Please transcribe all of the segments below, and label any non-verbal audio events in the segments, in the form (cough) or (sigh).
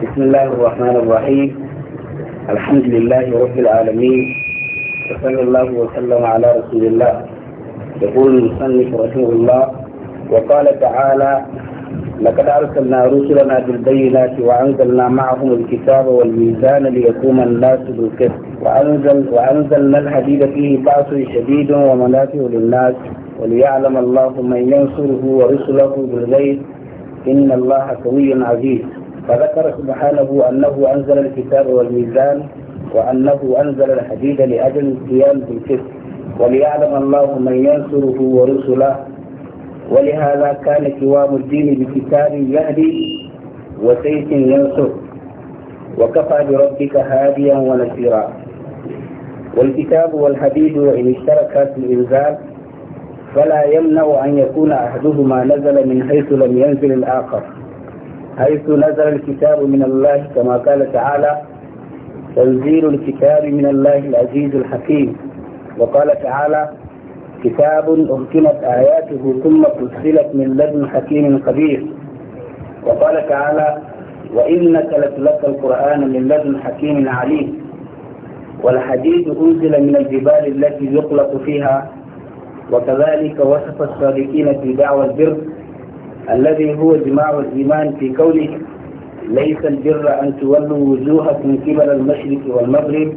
بسم الله الرحمن الرحيم الحمد لله رب العالمين وصلى الله وسلم على رسول الله يقول المصنف رحمه الله وقال تعالى لقد أرسلنا رسلنا بالبينات وأنزلنا معهم الكتاب والميزان ليقوم الناس بالقسط وأنزل وأنزلنا الحديد فيه بأس شديد ومنافع للناس وليعلم الله من ينصره ورسله بالغيب إن الله قوي عزيز فذكر سبحانه أنه أنزل الكتاب والميزان وأنه أنزل الحديد لأجل القيام بالكفر وليعلم الله من ينصره ورسله ولهذا كان قوام الدين بكتاب يهدي وسيف ينصر وكفى بربك هاديا ونصيرا والكتاب والحديد وإن اشتركا في الإنزال فلا يمنع أن يكون أحدهما نزل من حيث لم ينزل الآخر حيث نزل الكتاب من الله كما قال تعالى تنزيل الكتاب من الله العزيز الحكيم وقال تعالى كتاب أهكمت آياته ثم فصلت من لدن حكيم قدير وقال تعالى وإنك لتلقى القرآن من لدن حكيم عليم والحديد أنزل من الجبال التي يطلق فيها وكذلك وصف الصادقين في دعوى البر الذي هو جماع الإيمان في كونه ليس البر أن تولوا وجوهكم قبل المشرق والمغرب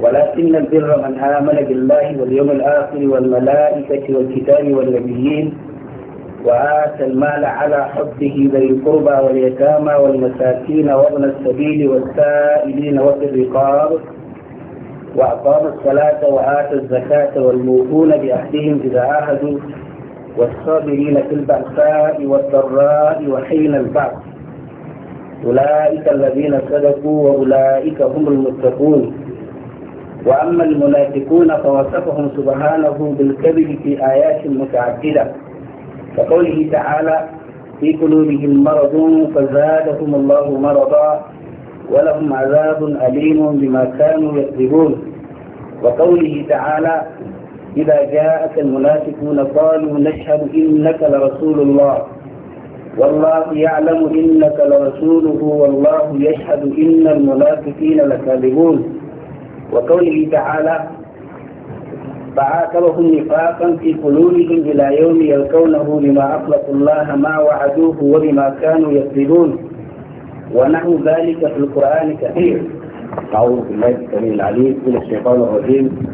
ولكن البر من آمن بالله واليوم الآخر والملائكة والكتاب والنبيين وآتى المال على حبه ذي القربى واليتامى والمساكين وابن السبيل والسائلين وفي الرقاب وأقام الصلاة وآتى الزكاة والموفون بأهلهم إذا عاهدوا والصابرين في البأساء والضراء وحين البعث أولئك الذين صدقوا وأولئك هم المتقون وأما المنافقون فوصفهم سبحانه بالكذب في آيات متعددة كقوله تعالى في قلوبهم مرض فزادهم الله مرضا ولهم عذاب أليم بما كانوا يكذبون وقوله تعالى إذا جاءك المنافقون قالوا نشهد إنك لرسول الله والله يعلم إنك لرسوله والله يشهد إن المنافقين لكاذبون وقوله تعالى فعاتبهم نفاقا في قلوبهم إلى يوم يلقونه بما أخلقوا الله ما وعدوه وبما كانوا يكذبون ونحو ذلك في القرآن كثير أعوذ بالله السميع العليم من الشيطان الرجيم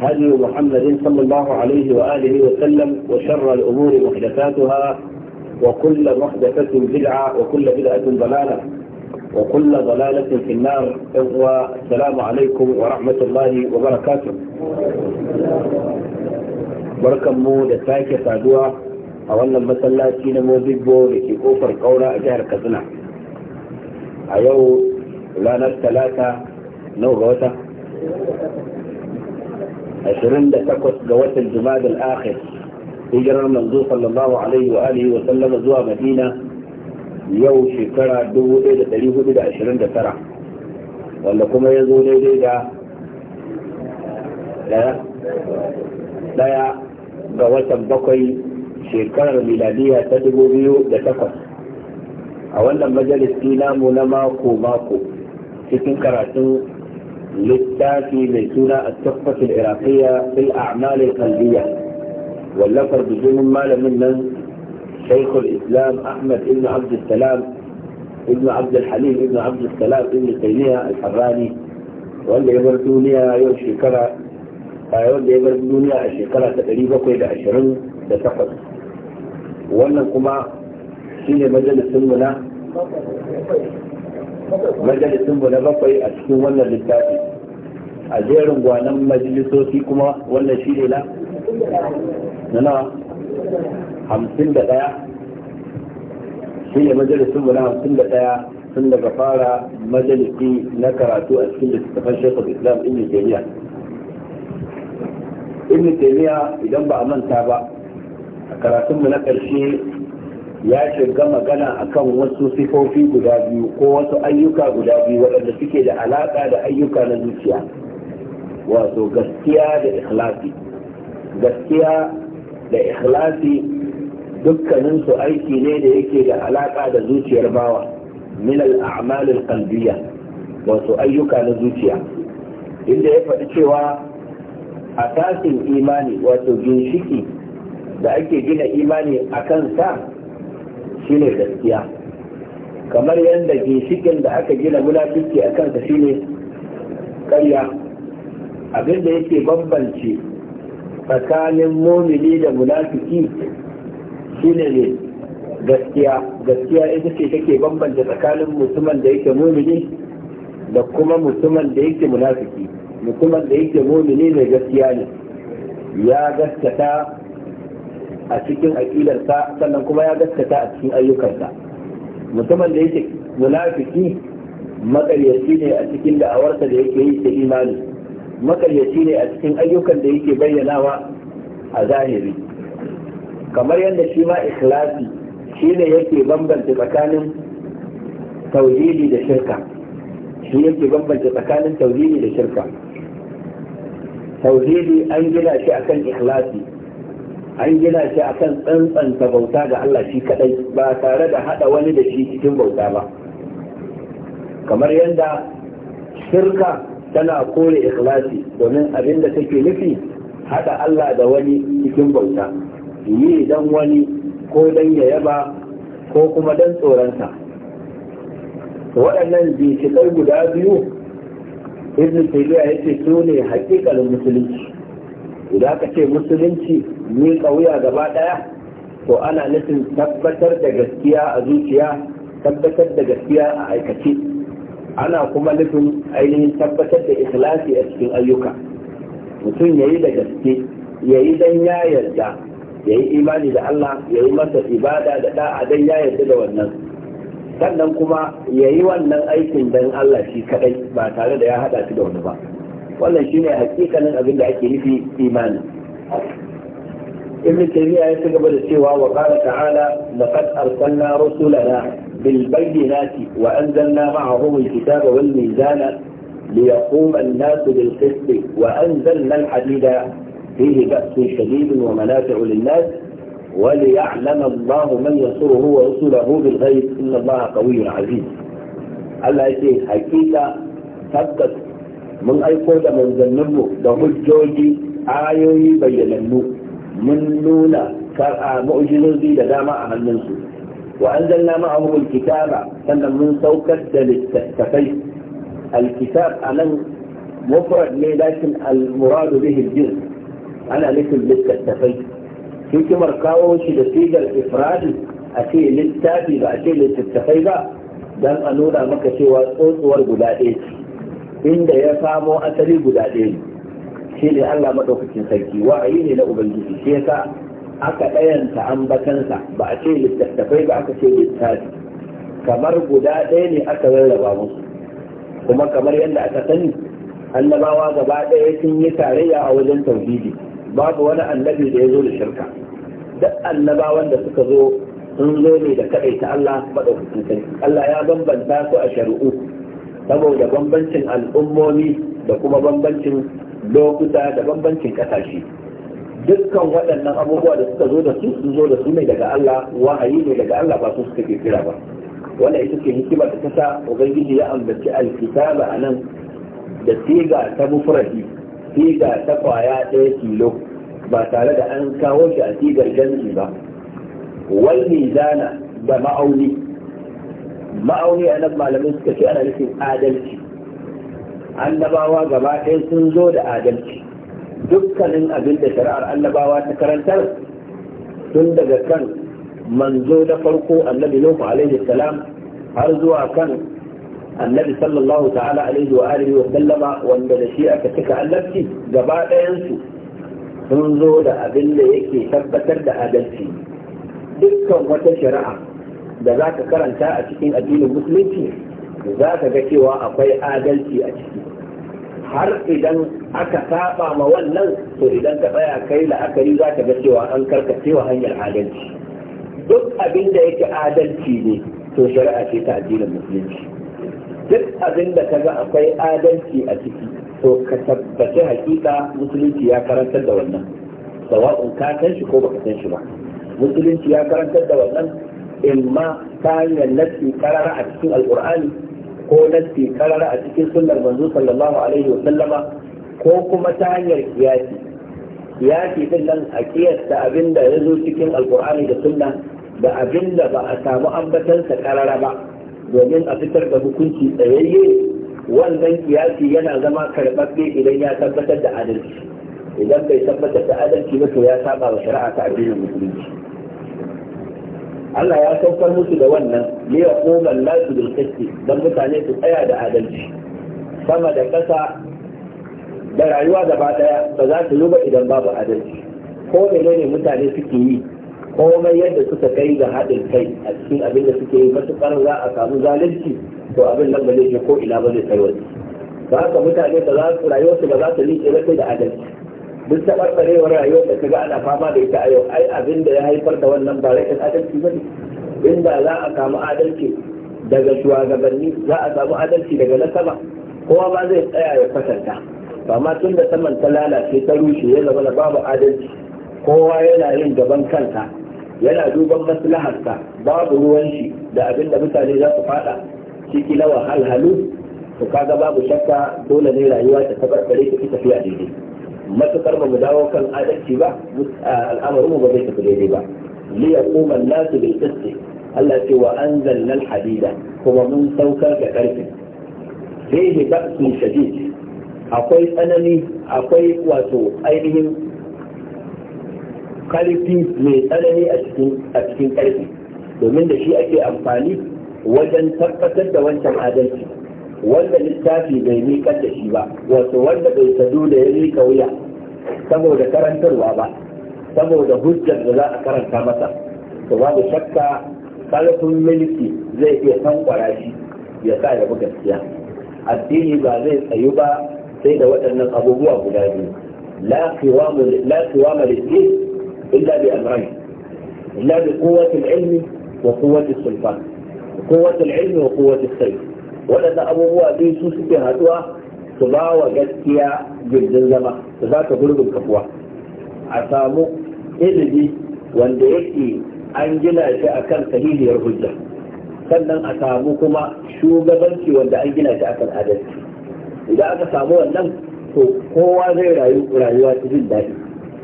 هدي محمد صلى الله عليه وآله وسلم وشر الأمور محدثاتها وكل محدثة بدعة وكل بدعة ضلالة وكل ضلالة في النار والسلام عليكم ورحمة الله وبركاته بركة مو ساكة سادوة أولا مثلا سينا موزيبو لكي أوفر قولا جهر كثنا أيو لا نفس نو غوتا 28 ga watan Jumada al-Akhir hijirar manzo sallallahu alaihi wa alihi wa sallama zuwa Madina yau shekara 1429 wanda kuma ya zo daidai da daya ga watan bakwai shekarar miladiya ta 2008 a wannan majalisi namu na mako mako cikin karatun للتاتي من سورة التقفة العراقية في الأعمال القلبية واللفظ بدون ما لمن شيخ الإسلام أحمد بن عبد السلام بن عبد الحليم بن عبد السلام بن تيمية الحراني واللي يبر الدنيا يوم آه، واللي يبر الدنيا شكرا تقريبا كيدا عشرين تتقل وانا كما شيني مجلس المنا majalisun mu na bakwai a cikin wannan littafi a jerin gwanan majalisoci kuma wannan shi ne na hamsin da ɗaya shi ne majalisun mu na hamsin da daya sun daga fara majalisi na karatu a cikin littattafan shekul islam ibn jami'a ibn jami'a idan ba a manta ba a karatunmu na ƙarshe ya shiga magana akan wasu sifofi guda biyu ko wasu ayyuka guda biyu waɗanda suke da alaƙa da ayyuka na zuciya wato gaskiya da ikhlasi gaskiya da ikhlasi dukkanin su aiki ne da yake da alaƙa da zuciyar bawa min al-a'mal al-qalbiyya wato ayyuka na zuciya inda ya faɗi cewa a imani wato ginshiki da ake gina imani a sa. shine gaskiya kamar yadda ginshikin da aka gina munafiki a kansa shine karya abinda yake bambance tsakanin momini da munafiki shine ne gaskiya gaskiya ita ce take bambance tsakanin mutumin da yake momini da kuma mutumin da yake munafiki mutumin da yake momini mai gaskiya ne ya gaskata a cikin aqidarsa sannan kuma ya gaskata a cikin ayyukansa mutumin da yake munafiki makaryaci ne a cikin da'awarsa da yake yi ta imani makaryaci ne a cikin ayyukan da yake bayyanawa a zahiri kamar yadda shi ma ikhlasi shi ne yake bambanta tsakanin tauhidi da shirka shi yake bambanta tsakanin tauhidi da shirka tauhidi an gina shi akan ikhlasi an gina shi a kan tsantsanta bauta ga Allah shi kadai ba tare da hada wani da shi cikin bauta ba kamar yadda shirka tana kore ikhlasi domin abin da take nufi hada Allah da wani cikin bauta yi dan wani ko dan ya yaba ko kuma dan tsoronsa waɗannan ginshiƙai guda biyu ibn taymiya yace su ne haƙiƙar musulunci idan aka ce musulunci ni kauya gaba daya to ana nufin tabbatar da gaskiya a zuciya tabbatar da gaskiya a aikace ana kuma nufin ainihin tabbatar da ikhlasi a cikin ayyuka mutum yayi da gaske yayi dan ya yarda yayi imani da Allah yayi masa ibada da da'a dan ya yarda da wannan sannan kuma yayi wannan aikin dan Allah shi kadai ba tare da ya hada shi da wani ba ولا wannan shine hakikanin أقول لك ake في إيمان. ابن تيمية يتجب للسوى وقال تعالى لقد أرسلنا رسلنا بالبينات وأنزلنا معهم الكتاب والميزان ليقوم الناس بالقسط وأنزلنا الحديد فيه بأس شديد ومنافع للناس وليعلم الله من يصره ورسله بالغيب إن الله قوي عزيز الله يقول حقيقة تبقى mun aiko da manzanninmu da hujjoji ayoyi bayyanannu mun nuna mu'jizozi da dama a hannunsu wa anzalna ma'ahum alkitaba sannan mun saukar da littattafai alkitab nan mufrad ne lakin almuradu bihi aljins ana nufin littattafai hikimar kawo shi da sigar ifradin a ce littafi ba a ce littattafai ba don a nuna maka cewa tsotsuwar guda ɗaya ce inda ya samo asali guda ɗaya ne shi ne Allah maɗaukacin sarki wa'ayi ne na ubangiji shi yasa aka ɗayanta ambatansa ba a ce littattafai ba aka ce littafi kamar guda ɗaya ne aka rarraba musu kuma kamar yadda aka sani annabawa gaba ɗaya sun yi tarayya a wajen tauhidi babu wani annabi da ya zo da shirka duk annabawan da suka zo sun zo ne da kaɗai ta Allah maɗaukacin sarki Allah ya bambanta su a shari'u saboda bambancin al'ummomi da kuma bambancin lokuta da bambancin kasashe dukkan waɗannan abubuwa da suka zo da su sun zo da su ne daga Allah wahayi ne daga Allah ba su suka kirkira ba wannan ita ce hikimar da ta sa ubangiji ya ambaci alkitaba a nan da siga ta mufradi siga ta kwaya ɗaya kilo ba tare da an kawo shi a sigar jansi ba wal mizana da ma'auni ma'auni a nan suka ce ana nufin adalci annabawa gaba ɗaya sun zo da adalci dukkanin abin da shari'ar annabawa ta karantar tun daga kan manzo na farko annabi nuhu alaihi salam har zuwa kan annabi sallallahu ta'ala alaihi wa alihi wa sallama wanda da shi aka cika annabci gaba ɗayansu sun zo da abin da yake tabbatar da adalci dukkan wata shari'a da za ka karanta a cikin addinin musulunci za ka ga cewa akwai adalci a ciki har idan aka saba ma wannan to idan ka tsaya kai la'akari za ka ga cewa an karkacewa hanyar adalci duk abin da yake adalci ne to shari'a ce ta addinin musulunci duk abin da ka ga akwai adalci a ciki to ka tabbaci hakika musulunci ya karantar da wannan sawa'un ka san shi ko baka san shi ba musulunci ya karantar da wannan ilma ta hanyar nassi karara a cikin alqur'ani ko nassi karara a cikin sunnar manzo sallallahu alaihi sallama ko kuma ta hanyar kiyasi kiyasi din nan a kiyasta abinda ya zo cikin alkur'ani da sunna da abinda ba a samu ambatansa karara ba domin a fitar da hukunci tsayayye wannan kiyasi yana zama karɓaɓɓe idan ya tabbatar da adalci idan bai tabbatar da adalci ba to ya saba wa shari'a ta addinin musulunci Allah ya saukar musu da wannan ne ya koma lasu da qisti dan mutane su tsaya da adalci sama da kasa da rayuwa gaba daya ba za su yi ba idan babu adalci ko menene mutane suke yi komai yadda suka kai ga haɗin kai a cikin abin da suke yi matuƙar za a samu zalunci to abin nan ba zai ko ina ba zai kai wani ba haka mutane ba za su rayuwarsu ba za su liƙe ba sai da adalci duk taɓarɓarewar rayuwar da kaga ana fama da ita a yau ai abin da ya haifar da wannan ba rashin adalci ba ne ba za a samu adalci daga shugabanni za a samu adalci daga na kowa ba zai tsaya ya kwatanta amma tun da saman ta lalace ta rushe ya zama da babu adalci kowa yana yin gaban kanta yana duban maslaharsa babu ruwan shi da abin da mutane za su fada ciki na wahalhalu to kaga babu shakka dole ne rayuwa ta tabarbare ta tafiya daidai matukar ba mu dawo kan adalci ba al'amarin mu ba zai tafi daidai ba li yaquma an-nasu bil qist Allah ce wa anzalna al-hadida kuma mun saukar da karfi fihi ba'sun shadid akwai tsanani akwai wato ainihin karfi mai tsanani a cikin a cikin karfi domin da shi ake amfani wajen tabbatar da wancan adalci wanda littafi bai miƙar da shi ba wato wanda bai sadu da ya miƙa wuya saboda karantarwa ba saboda hujjar da za a karanta masa to babu shakka karfin mulki zai iya san shi ya sa ya buga gaskiya addini ba zai tsayu ba sai da waɗannan abubuwa guda biyu la qiwama lil illa bi amrayn illa bi quwwati al-ilmi wa quwwati as-sultan quwwati al-ilmi wa quwwati as waɗannan abubuwa biyu su suke haɗuwa su ba wa gaskiya gindin zama su ba ka gurbin kafuwa a samu ilimi wanda yake an gina shi a kan sahihiyar hujja sannan a samu kuma shugabanci wanda an gina shi a kan adalci idan aka samu wannan to kowa zai rayu rayuwa ta jin daɗi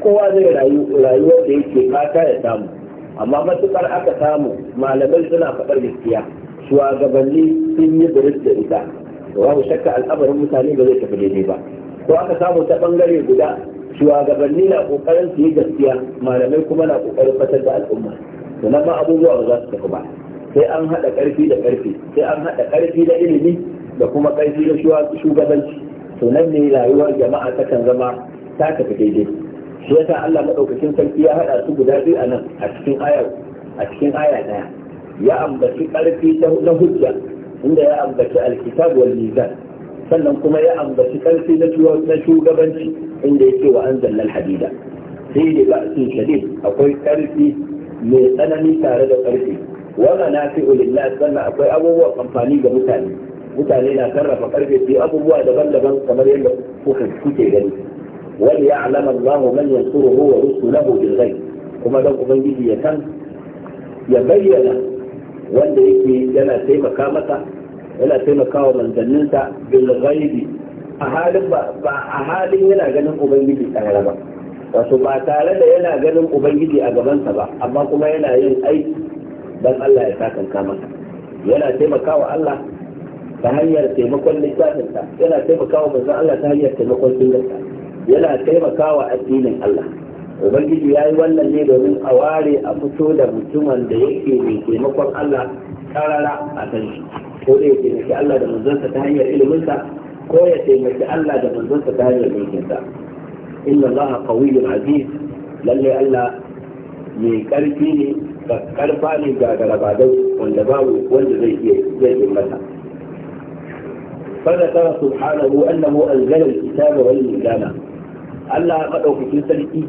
kowa zai rayu rayuwar da yake fata ya samu amma matuƙar aka samu malamai suna faɗar gaskiya shugabanni sun yi biris da ita babu shakka al'amarin mutane ba zai tafi daidai ba ko aka samu ta bangare guda shugabanni na kokarin su yi gaskiya malamai kuma na kokarin fatar da al'umma to nan ma abubuwa ba za su tafi ba sai an haɗa ƙarfi da ƙarfi sai an haɗa ƙarfi da ilimi da kuma ƙarfi da shugabanci to nan ne rayuwar jama'a kan zama ta tafi daidai shi yasa Allah madaukakin sarki ya haɗa su guda biyu a nan a cikin aya a cikin aya ɗaya ya ambaci karfi na hujja inda ya ambaci alkitab wal mizan sannan kuma ya ambaci ƙarfi na shugabanci inda yake wa anzalna alhadida sai da ba'sin shadid akwai karfi mai tsanani tare da ƙarfi wannan na fi ulillah sannan akwai abubuwan amfani ga mutane mutane na sarrafa karfe su abubuwa daban-daban kamar yadda kuke gani wani ya alama Allah man yansuruhu wa rusulahu bil ghaib kuma don ubangiji ya san ya bayyana wanda yake yana taimaka masa yana taimaka wa manzanninsa bil ghaibi a halin ba a halin yana ganin ubangiji tsara ba wato ba tare da yana ganin ubangiji a gabansa ba amma kuma yana yin aiki don Allah ya sakanka masa yana taimakawa Allah ta hanyar taimakon littafinsa yana taimakawa manzon Allah ta hanyar taimakon sunnarsa yana taimakawa addinin Allah ubangiji ya yi wannan ne domin a ware a fito da mutumin da yake mai taimakon Allah karara a san shi ko da ya taimaki Allah da manzansa ta hanyar iliminsa ko ya taimaki Allah da manzansa ta hanyar mulkinsa inna Allah qawiyyun aziz lalle Allah mai karfi ne karfa ne ga garabadau wanda babu wanda zai iya zai masa فذكر سبحانه أنه أنزل الكتاب والميزان الله قد أوفي في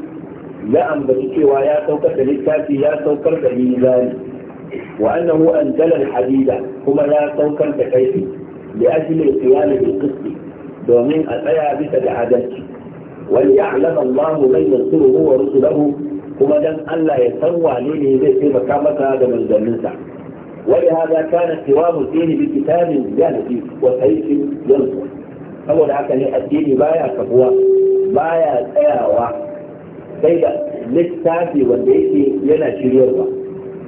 ya ambaci cewa ya saukar da littafi ya saukar da mizani wa annahu anzala al-hadida kuma ya saukar da kaifi li ajli qiyam bil domin a tsaya bisa da adalci wal ya'lam Allahu man yansuruhu wa rusuluhu kuma dan Allah ya san wane ne zai taimaka masa da manzanninsa ولهذا كان قوام الدين بكتاب جانبي وسيف ينصر saboda haka ne addini baya kafuwa baya tsayawa sai da littafi wanda yake yana shiryarwa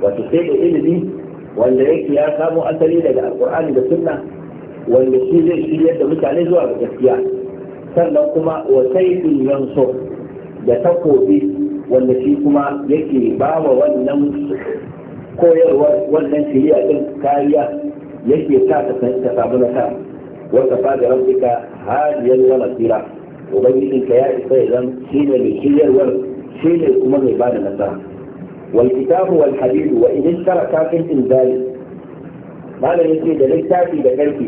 wato sai da ilimi wanda yake ya samo asali daga alkur'ani da sunna wanda shi zai shiryar da mutane zuwa ga gaskiya sannan kuma wa saifin yanso da takobi wanda shi kuma yake ba wa wannan koyarwar wannan shirya din kariya yake sa ta samu nasara wata fa da rabbika hadiyan wa nasira ubangijin ka ya isa idan shi ne mai shiryarwar shi ne kuma mai ba da nasara wal kitabu wal hadidu wa idan taraka fil inzali malam yace da littafi da karfi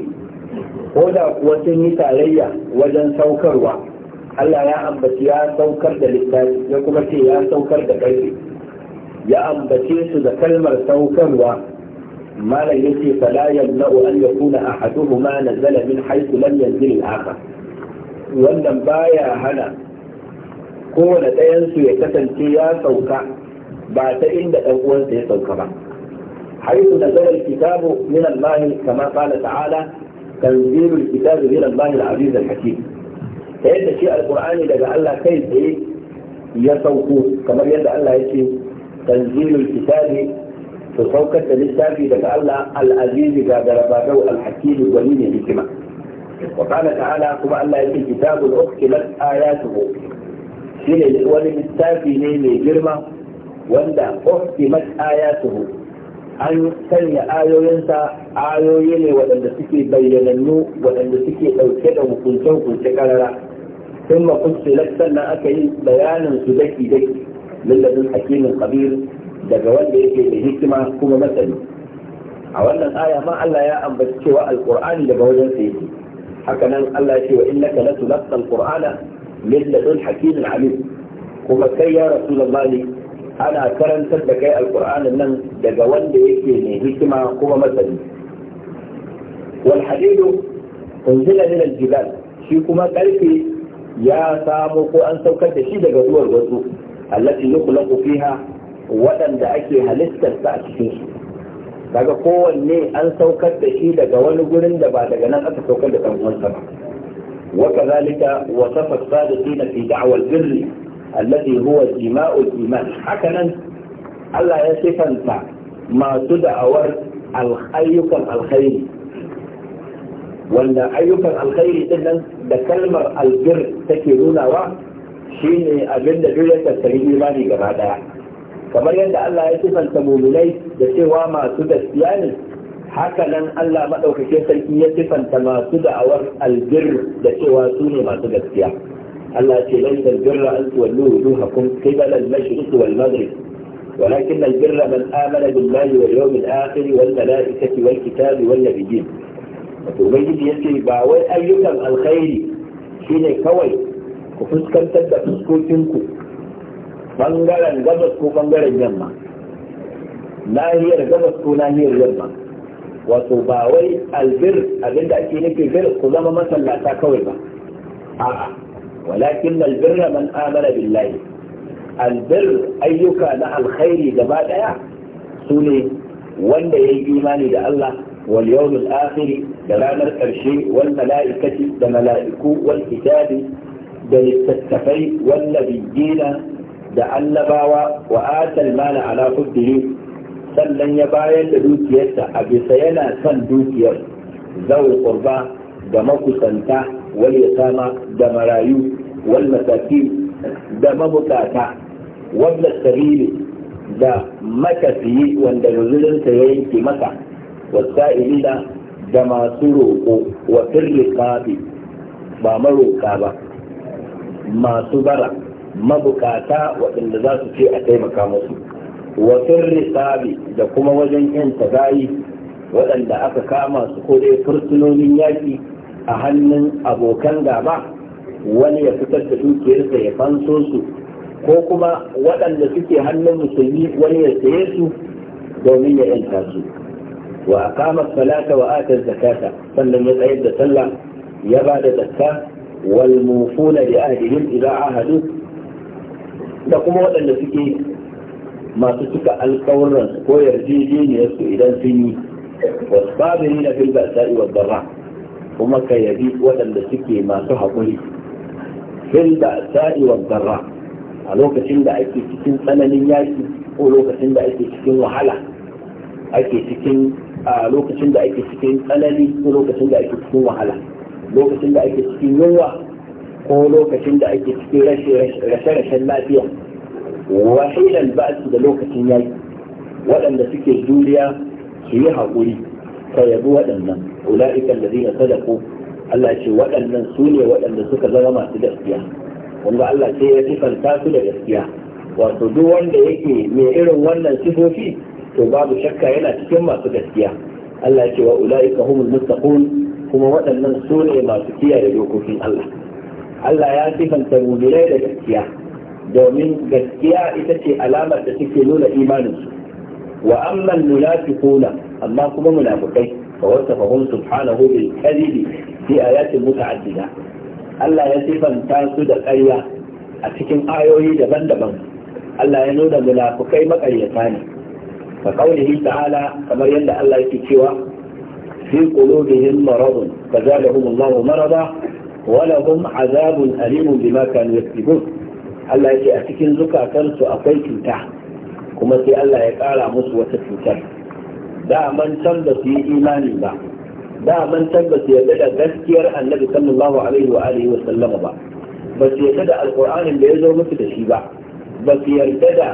ko da kuwa sun yi tarayya wajen saukarwa Allah ya ambaci ya saukar da littafi ya kuma ce ya saukar da karfi ya ambace su da kalmar saukarwa malam yace fala yamna'u an yakuna ahaduhuma nazala min haythu lam yanzil al-akhar wannan baya hana kowane ɗayansu ya kasance ya sauka ba ta inda ɗan uwansa ya sauka ba haitu da zarar kitabu min Allah kamar qala ta'ala tanzilul kitabu min Allah al al-hakim sai da shi alqur'ani daga Allah kai tsaye ya sauko kamar yadda Allah yake tanzilul kitabi to saukar da littafi daga Allah al-aziz ga garabatu al-hakim wani ne hikima وقال تعالى كما الله يكي كتاب أكلت wani شيء ne mai girma wanda uhkimat ayatuhu an sanya ayoyinsa ayoyi ne waɗanda suke bayyanannu waɗanda suke ɗauke da hukuncen hukunce karara sun mafusilat sannan aka yi bayanin su daki daki lallabin hakimin kabir daga wanda yake da hikima kuma masani a wannan aya ma Allah ya ambaci cewa alkur'ani daga wajen sa yake haka nan Allah ya ce wa innaka latulqa alqur'ana min ladun hakimin alim kuma kai ya rasulullahi ana karantar da kai alqur'anin nan daga wanda yake ne hikima kuma masani wal hadidu unzila min aljibal shi kuma karfe ya samu ko an saukar da shi daga duwar wasu allati yukhlaqu fiha waɗanda ake halittarsa a cikin su daga kowanne an saukar dashi daga wani gurin da ba daga nan aka saukar da kan ba wata zalika wata da fi na fi da'awar birri allazi huwa jima'ul iman haka Allah ya sifanta masu da'awar ayyukan alkhairi wanda ayyukan alkhairi din nan da kalmar albir take nunawa shine abin da duk ya tattali imani gaba daya kamar yadda Allah ya sifanta muminai da cewa masu gaskiya ne haka nan Allah maɗaukake sarki ya sifanta masu da'awar albir da cewa su ne masu gaskiya Allah ce lai albirra an tuwallu wujuhakum qibala al-mashriq wal maghrib ولكن البر من آمن بالله واليوم الآخر والملائكة والكتاب والنبيين ubangiji ya ce ba wai ayyukan alkhairi shine kawai ku fuskantar da ku. bangaren gabas ko bangaren yamma nahiyar gabas ko nahiyar yamma wato ba wai albir abinda ake nufi bir ku zama masallata kawai ba a'a walakin albirra man billahi albir ayyuka na alkhairi gaba daya su ne wanda ya yi imani da Allah wal yawmil akhir da ranar karshe wal mala'ikati da mala'iku wal kitabi da littattafai wal nabiyina da annabawa wa atal mala ala kuddiri sannan ya bayar da dukiyarsa a bisa yana son dukiyar zawul qurba da makusanta wal yatama da marayu wal masakin da mabukata wanda sabili da matafiyi wanda nuzulinsa ya yanke masa wasa'ilina da masu roƙo wa firri ba maroƙa ba masu bara mabukata waɗanda za su ce a taimaka musu wasan firrisabi da kuma wajen yan tagayi waɗanda aka kama su ko dai fursunonin yaƙi a hannun abokan gaba wani ya fitar da dukiyarsa ya fanso su ko kuma waɗanda suke hannun musulmi wani ya saye su domin ya yanta su wa kama salata wa atar zakata sannan ya tsayar da sallah ya ba da zakka wal mufuna bi ahdihim idza ahadu da kuma waɗanda suke masu cika alƙawuran ko su idan sun yi wasu babiri na filgar sa'i wa dara kuma ka yabi waɗanda suke masu haƙuri filgar sa'i wa dara a lokacin da ake cikin tsananin yaƙi ko lokacin da ake cikin wahala ake cikin a lokacin da ake cikin tsanani ko lokacin da ake cikin wahala lokacin da ake cikin yunwa ko lokacin da ake cikin rashe-rashen lafiya wahilan ba ba'su da lokacin yaki waɗanda suke juriya su yi haƙuri ka yabi waɗannan ula'ikan da zina sadaku Allah ce waɗannan su ne waɗanda suka zama masu gaskiya wanda Allah ce ya sifanta su da gaskiya wato duk wanda yake mai irin wannan sifofi to babu shakka yana cikin masu gaskiya Allah ce wa ula'ika humul muttaqun kuma waɗannan su ne masu kiyaye dokokin Allah Allah ya sifanta mu'minai da gaskiya domin gaskiya ita ce alamar da take nuna imaninsu wa amma munafiquna amma kuma munafikai fa wasafahum subhanahu bil kadhib fi ayatin muta'addida Allah ya sifanta su da ƙarya a cikin ayoyi daban-daban Allah ya nuna munafikai maƙaryata ne fa qawlihi ta'ala kamar yadda Allah yake cewa fi qulubihim maradun fazadahum Allahu marada ولهم عذاب أليم بما كانوا يكسبون Allah yake a cikin zukatansu akwai cuta kuma sai Allah ya ƙara musu wata cutar da man can ba su yi imani ba da man can ba su yarda da gaskiyar annabi sallallahu alaihi wa alihi wa sallama ba ba su yarda da alƙur'anin da ya zo musu da shi ba ba su yarda da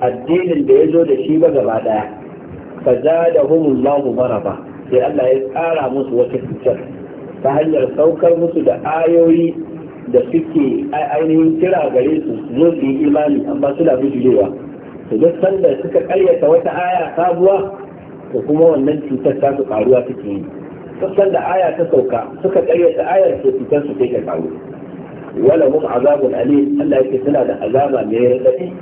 addinin da ya zo da shi ba gaba ɗaya sai Allah ya ƙara musu wata cutar ta hanyar saukar musu da ayoyi da suke ainihin kira gare su zo su yi imani amma suna bujurewa to duk sanda suka karyata wata aya sabuwa to kuma wannan cutar ta su karuwa suke yi duk sanda aya ta sauka suka karyata ayar to cutar su take karu wala mun azabun ali Allah yake suna da azaba mai radadi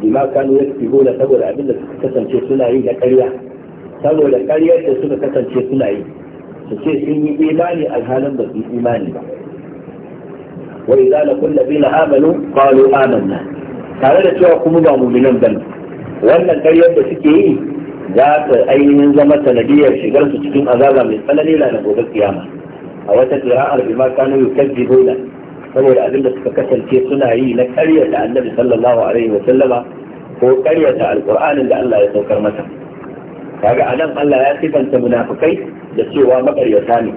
bima kanu yaktubuna saboda abin da suka kasance suna yi na karya saboda karyar da suka kasance suna yi su ce sun yi imani alhalin ba su imani ba wa idza laqul ladina amanu qalu amanna tare da cewa kuma ba mu'minan ba wannan karyar da suke yi za ta ainihin zama sanadiyar shigar su cikin azaba mai tsanani na gobe kiyama a wata qira'ar bima kanu yukazzibuna saboda abin da suka kasance suna yi na karyata annabi sallallahu alaihi wa sallama ko karyata alqur'anin da Allah ya saukar masa kaga anan Allah ya sifanta munafikai da cewa makaryata ne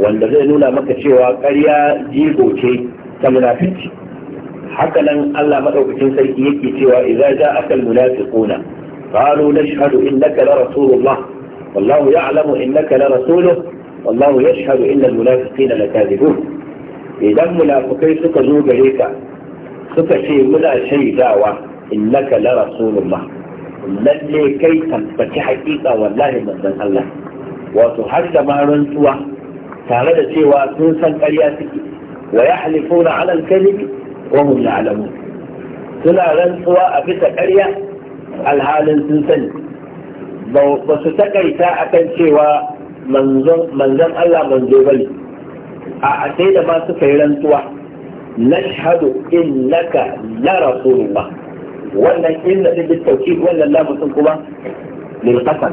wanda zai nuna maka cewa ƙarya jigo ce ta munafici haka nan Allah madaukakin sarki yake cewa idza ja'aka almunafiquna qalu nashhadu innaka la rasulullah wallahu ya'lamu innaka la rasuluhu wallahu yashhadu innal munafiqina lakadibun idan munafukai suka zo gare ka suka ce muna shaidawa innaka la rasulullah lalle kai tabbaci haƙiƙa wallahi manzon Allah wato har da ma rantsuwa tare da cewa sun san ƙarya suke wa yahlifuna ala al-kadhib wa hum ya'lamun suna rantsuwa a bisa ƙarya alhalin sun sani ba su takaita akan cewa manzon Allah manzo bane a sai da ma suka yi rantsuwa nashhadu innaka la rasulullah wannan inna din da tauki wannan lamun sun kuma lil qasam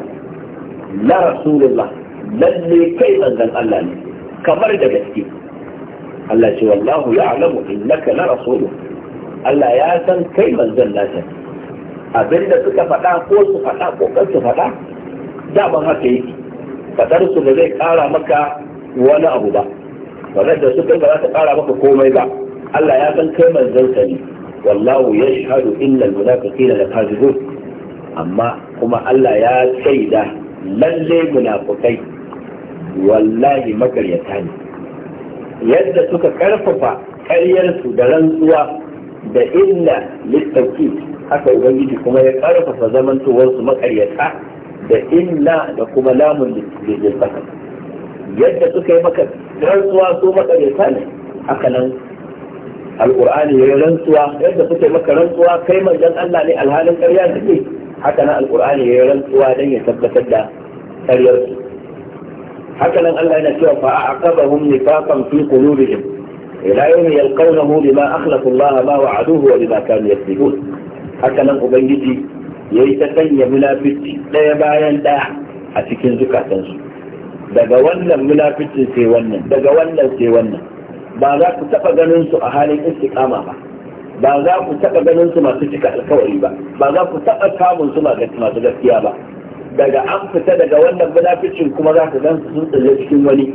la rasulullah lalle kai manzon Allah ne kamar da gaske Allah ce wallahu ya'lamu innaka la rasulu Allah ya san kai manzon nasa abinda suka faɗa ko su faɗa ko kan su faɗa ban haka yake fadar su ba zai kara maka wani abu ba fadar da su kai ba za ta kara maka komai ba Allah ya san kai manzon sa ne wallahu yashhadu illa almunafiqina lakazibun amma kuma Allah ya shaida lalle munafikai wallahi makaryata ne yadda suka karfafa karyarsu da rantsuwa da illa littauki haka ubangiji kuma ya karfafa zamantowarsu makaryata da illa da kuma lamun littauki yadda suka yi maka rantsuwa su makaryata ne haka nan alqur'ani ya yi rantsuwa yadda suke maka rantsuwa kai manzon Allah ne alhalin ƙarya kake haka nan alqur'ani ya yi rantsuwa dan ya tabbatar da ƙaryar su haka nan Allah yana cewa fa aqabahum nifaqan fi qulubihim ila yawmi yalqawnahu bima akhlafu Allah ma wa'aduhu wa bima kanu yakذibun haka nan ubangiji yayi ta sanya munafici daya bayan daya a cikin zukatansu daga wannan munaficin sai wannan daga wannan sai wannan ba za ku taɓa ganin su a halin istiqama ba ba za ku taɓa ganin su masu cika alkawari ba ba za ku taɓa samun su masu gaskiya ba daga an fita daga wannan munaficin kuma za ku gan su sun tsalle cikin wani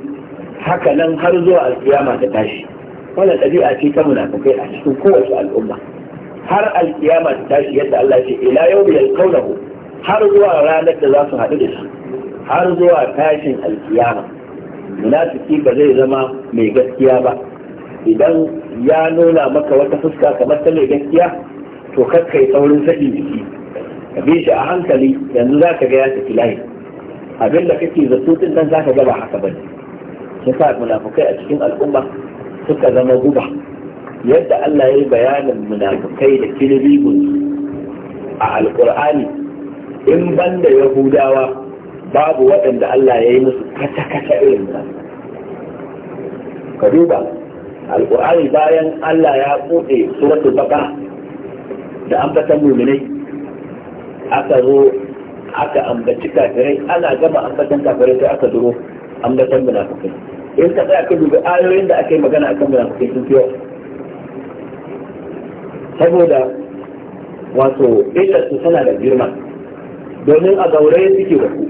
haka nan har zuwa alkiyama ta tashi wannan ɗabi'a ce ta munafikai a cikin kowace al'umma har alkiyama ta tashi yadda Allah ce ila yau yalqawnahu har zuwa ranar da za su haɗu da shi har zuwa tashin alkiyama munafiki ba zai zama mai gaskiya ba idan ya nuna maka wata fuska kamar ta mai gaskiya to kakkai saurin saɗin jiki ka bi shi a hankali yanzu za ka ga ya tafi layi abin da kake zato din nan za ka gaba haka bane shi sa munafukai a cikin al'umma suka zama guba yadda Allah ya yi bayanin munafukai da kiribigun a alkur'ani in banda yahudawa babu waɗanda Allah ya yi musu kata-kata irin ba ka duba alƙur'ani bayan Allah ya buɗe suratul baka da ambatan muminai aka zo aka ambaci kafirai ana gama ambatan kafirai sai aka duro ambatan munafikai in ka tsaya ka dubi ayoyin da aka yi magana akan munafikai sun fiye. saboda wato illar su tana da girma domin a gauraye suke da ku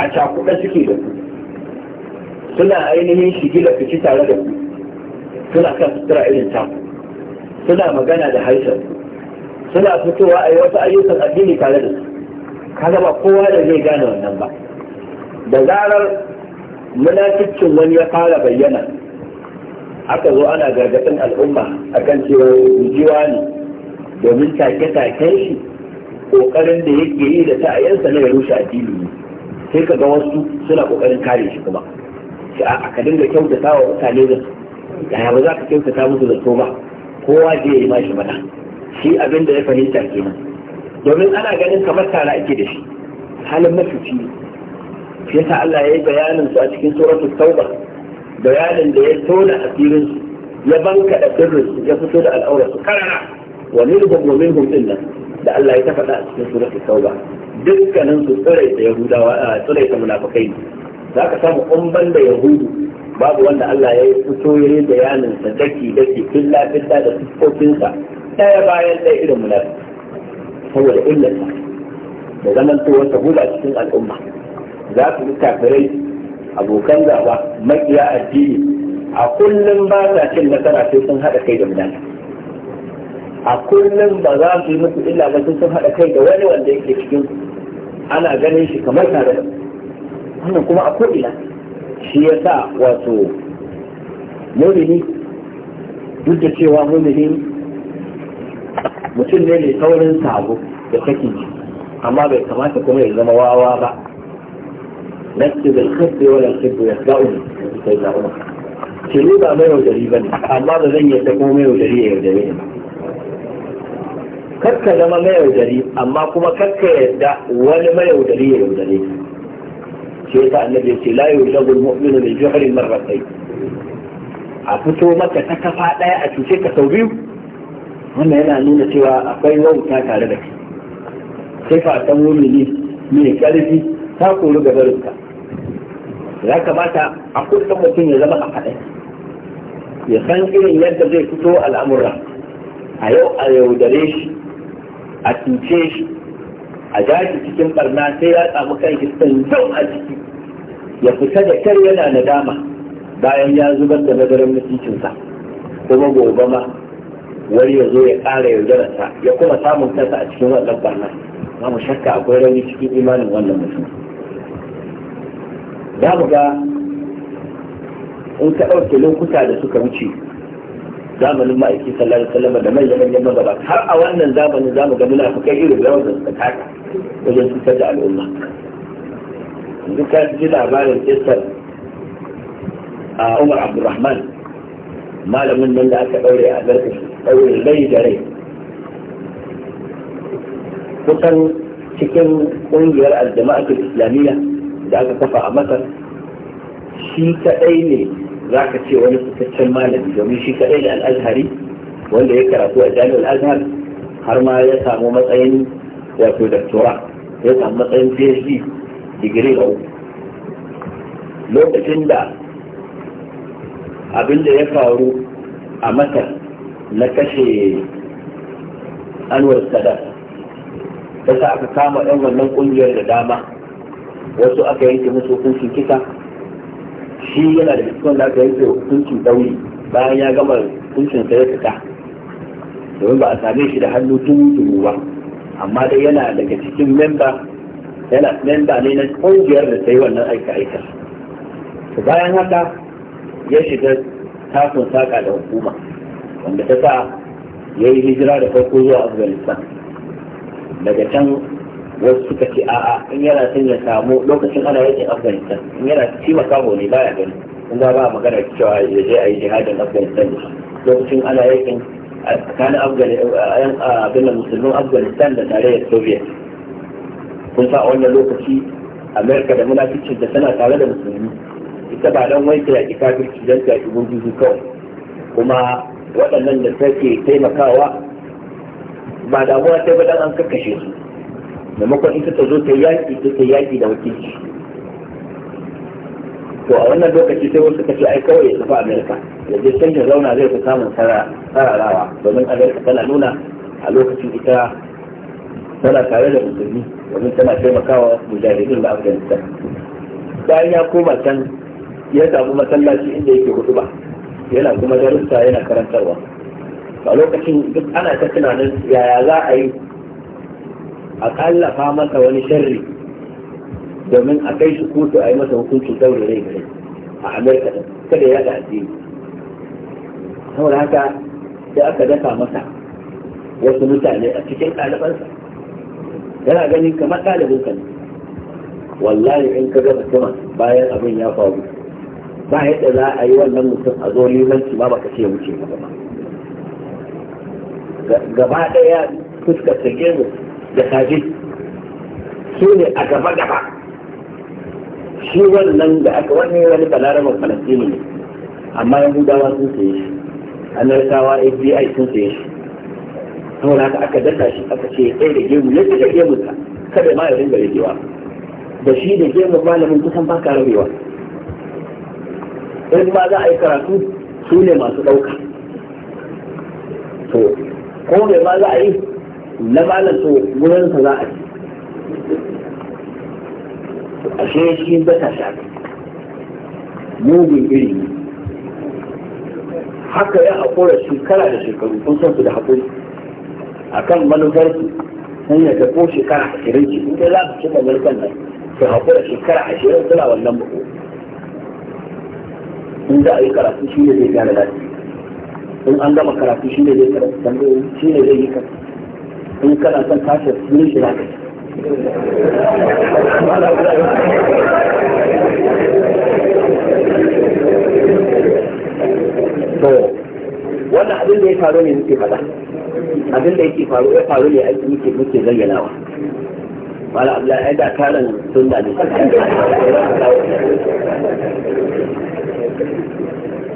a cakuɗa suke da ku suna ainihin shigi da fici tare da ku suna kan sutura irin ta suna magana da haishar suna fitowa a yi wasu ayyukan addini tare da su kada ba kowa da zai gane wannan ba da zarar munaficcin wani ya fara bayyana aka zo ana gargaɗin al'umma a kan cewa gujewa ne domin take-taken shi ƙoƙarin da yake yi da ta'ayensa na ya rushe addini ne sai ka ga wasu suna kokarin kare shi kuma sai a ka dinga kyautata wa mutane da yaya ba za ka kyautata musu da to ba kowa zai ya yi mashi mana shi abin da ya fahimta kenan domin ana ganin kamar tara ake da shi halin mafici ne shi yasa Allah ya yi bayanin su a cikin suratul tauba bayanin da ya tona asirin su ya banka da sirrin su ya fito da al'aura su karara wa minhum wa minhum illa da Allah ya ta a cikin suratul tauba dukkanin su tsiraita yahudawa a tsiraita munafikai za ka samu umban da yahudu babu wanda Allah ya fito ya da bayanin sa daki daki filla filla da sa ɗaya bayan ɗaya irin munafiki saboda sa da zaman to wata hula cikin al'umma za su yi kafirai abokan gaba makiya addini a kullum ba sa cin nasara sai sun haɗa kai da munafiki a kullum ba za su yi musu illa ba sun haɗa kai da wani wanda yake cikin ana ganin shi kamar tare da wannan kuma a ko'ina shi ya sa wato mumini duk da cewa mumini mutum ne mai saurin sabo da kake amma bai kamata kuma ya zama wawa ba Na ce da nasu bil khibbi wala khibbi yasda'un sai za'un ce ni ba mai yaudari ne. amma da zan yadda kuma mai yaudari ya yaudare ne karka zama mai yaudari amma kuma karka yadda wani mai yaudari ya yaudare shi yasa annabi ce la yuzabu almu'minu bi juhrin marratayn a fito maka ta kafa daya a cuce ka sau biyu wannan yana nuna cewa akwai wauta tare da kai sai fa san mumini mai karfi ta kori gabarin ka ya kamata a kullum mutum ya zama a faɗa ya san irin yadda zai fito al'amura a yau a yaudare shi a cuce shi a daji cikin barna sai ya samu kan iskan yau a ciki ya fita da kar yana nadama bayan ya zubar da nazarin mutuncinsa kuma gobe ma wani ya zo ya ƙara yaudararsa ya kuma samun kansa a cikin wannan barna ba mu shakka akwai rauni cikin imanin wannan mutum za mu ga in ka ɗauke lokuta da suka wuce zamanin ma'aiki sallallahu alaihi wasallam da manyan manyan mazaba har a wannan zamanin zamu ga muna munafikai irin rawar da suka taka wajen cutar da al'umma duk duka ji labarin kisar a Umar Abdulrahman malamin nan da aka daure a garkashi daure bai da rai kusan cikin kungiyar aljama'atul islamiyya da aka kafa a Masar shi kadai ne za ka ce wani fitaccen malami domin shi kaɗai da al'azhari wanda ya karatu a jami'ar al'azhar har ma ya samu matsayin wato doctora ya samu matsayin phd digiri na lokacin da abin da ya faru a masar na kashe anwar sadar, ta sa aka kama ɗan wannan ƙungiyar da dama wasu aka yanke musu hukuncin kisa shi yana da cikin da aka yanke hukuncin dauri bayan ya gama hukuncin sa ya fita domin ba a same shi da hannu tun ba amma dai yana daga cikin memba yana memba ne na ƙungiyar da ta yi wannan aika aika bayan haka ya shiga tafin saka da hukuma wanda ta sa ya yi hijira da farko zuwa afghanistan daga can wasu suka ce a'a in yana son ya samu lokacin ana yakin afghanistan in yana ci makaho ne baya gani in ba ba magana cewa ya je a yi jihadin afghanistan lokacin ana yakin a tsakanin abin da musulmin afghanistan da tarayyar soviet kun sa wannan lokaci amerika da munaficin da tana tare da musulmi ita ba don wai ta yaƙi kafirci don ta yaƙi gurguzu kawai kuma waɗannan da take taimakawa ba damuwa sai ba dan an kakkashe su maimakon ita ta zo ta yaƙi ta ta yaƙi da wakilci to a wannan lokaci sai wasu kace ai kawai ya tafi amerika ya je canjin zauna zai fi samun sararawa domin amerika tana nuna a lokacin ita tana tare da musulmi domin tana taimakawa mujahidin da afghanistan bayan ya koma can ya samu masallaci inda yake ba yana kuma darussa yana karantarwa a lokacin duk ana ta tunanin yaya za a yi a kallafa masa wani sharri domin a kai shi kotu a yi masa hukuncin daure rai da a amurka kada ya da addini saboda haka sai aka daka masa wasu mutane a cikin ɗalibansa yana ganin kamar ɗalibin ne. wallahi in ka ga mutum bayan abin ya faru ba yadda za a yi wannan mutum a zo limanci ma baka ce wuce ba gaba ɗaya fuskar ta gemu da safe su ne a gaba gaba shi wannan da aka wani wani balarabar falastini ne amma yahudawa sun saye shi amerikawa fbi sun saye shi saboda haka aka dasa shi aka ce tsaye da gemu yadda da gemu ka kada ma ya da rabewa da shi da gemu malamin kusan ba ka rabewa in ma za a yi karatu su ne masu ɗauka to ko ne ma za a yi na malam to wurin sa za a ci ashe shi zata sha mugun iri ne haka ya haƙura shekara da shekaru kun san su da haƙuri akan manufar su sun ya ko shekara ashirin ce in dai za su cika mulkan nan su haƙura shekara ashirin suna wannan bako in za a yi karatu shi ne zai gane lafiya in an gama karatu shi ne zai karatu shi ne zai yi karatu in kana son kashe sunan shi zaka to wannan abin da ya faru ne muke faɗa abin da yake faru ya faru ne aiki muke muke zayyanawa wala abla ai da karan sunna ne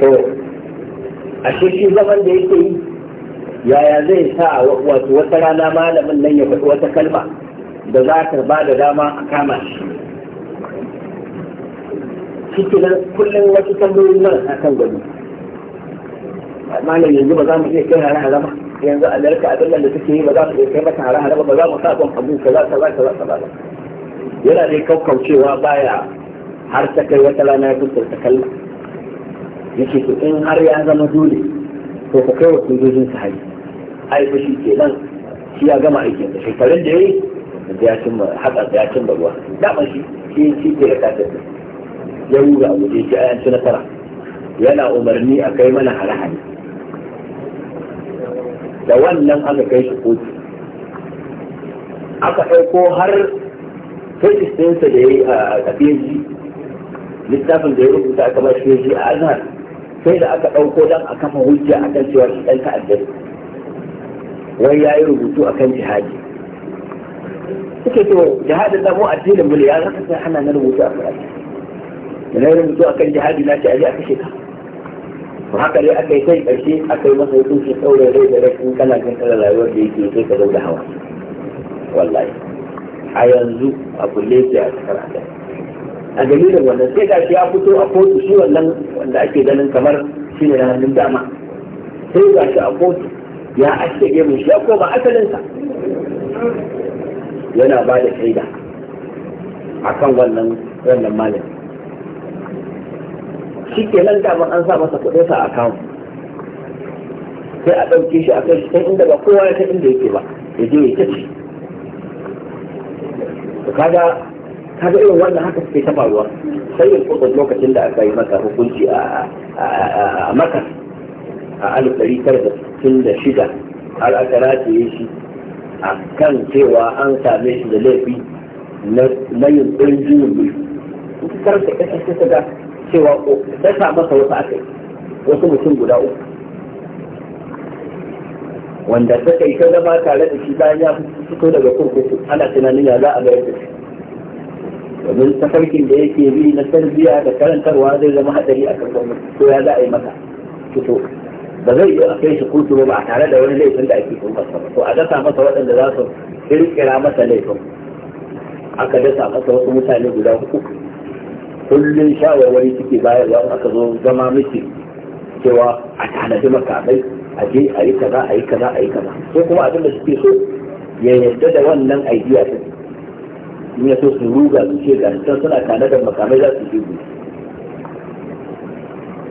to ashe shi zaman da yake yi yaya zai sa wato wata rana malamin nan ya faɗi wata kalma da za ta ba da dama a kama shi shi kullum wasu tambayoyi marasa kan gwani malam yanzu ba za mu iya kai hare-hare ba yanzu amerika abin nan da take yi ba za mu iya kai mata hare-hare ba ba za mu sa ban abu kaza kaza kaza kaza ba yana dai kaukaucewa baya har ta kai wata rana ya fuskanta kalma yake to in har ya zama dole to ka kai wa sojojin su hari shi ke nan shi ya gama aikin da shekarun da yi da ya cin haka da ya cimma ruwa dama shi shi shi ke da kasar ya ruga a guje shi ayan tara yana umarni a kai mana hare da wannan aka kai shi kotu aka ɗauko har fesistinsa da ya yi a feji littafin da ya rubuta aka ba shi a azhar sai da aka ɗauko don a kafa hujja a kan cewa shi ɗan ta'addar wai ya yi rubutu a kan jihadi suke to jihadin da mu addinin mu ne ya zaka sai hana na rubutu a kan da na rubutu a kan jihadi na ce aje a kashe ka to haka dai aka yi sai ƙarshe aka yi masa hukunci saurayi rai da rai in kana jin kala rayuwar da yake sai ka zauna hawa wallahi a yanzu a kulle su a cikin a dalilin wannan sai ga shi ya fito a kotu shi wannan wanda ake ganin kamar shi ne na hannun dama sai ga shi a kotu ya aske mu shi ya koma asalinsa yana ba da shaida a kan wannan wannan malami shi ke nan daman an sa masa kuɗinsa a account sai a ɗauke shi a kai shi inda ba kowa ya san inda yake ba ya je ya ci kaga kaga irin wannan haka suke ta faruwa sai ya kudin lokacin da aka yi masa hukunci a makar. a alif ɗari da sittin da shida har aka rataye shi a kan cewa an same shi da laifi na yin juyin mulki kuka da ƙasa ta ta ga cewa ta sa masa wasu aka wasu mutum guda uku wanda ta yi ta zama tare da shi bayan ya fito daga kurkuku ana tunanin ya za a bayar da shi domin tafarkin da yake bi na sarbiya da karantarwa zai zama hadari a kan gwamnati ko ya za a yi maka fito ba zai iya kai shi kurkuru ba tare da wani laifin da ake kuma ba to a dasa masa waɗanda za su kirkira masa laifin aka dasa masa wasu mutane guda uku kullum shawarwari suke bayarwa aka zo zama miki cewa a tanadi makamai a je a yi kaza a yi kaza a yi kaza ko kuma abin da suke so ya yarda da wannan idea ta in ya so su ruga su ce ga can suna da makamai za su je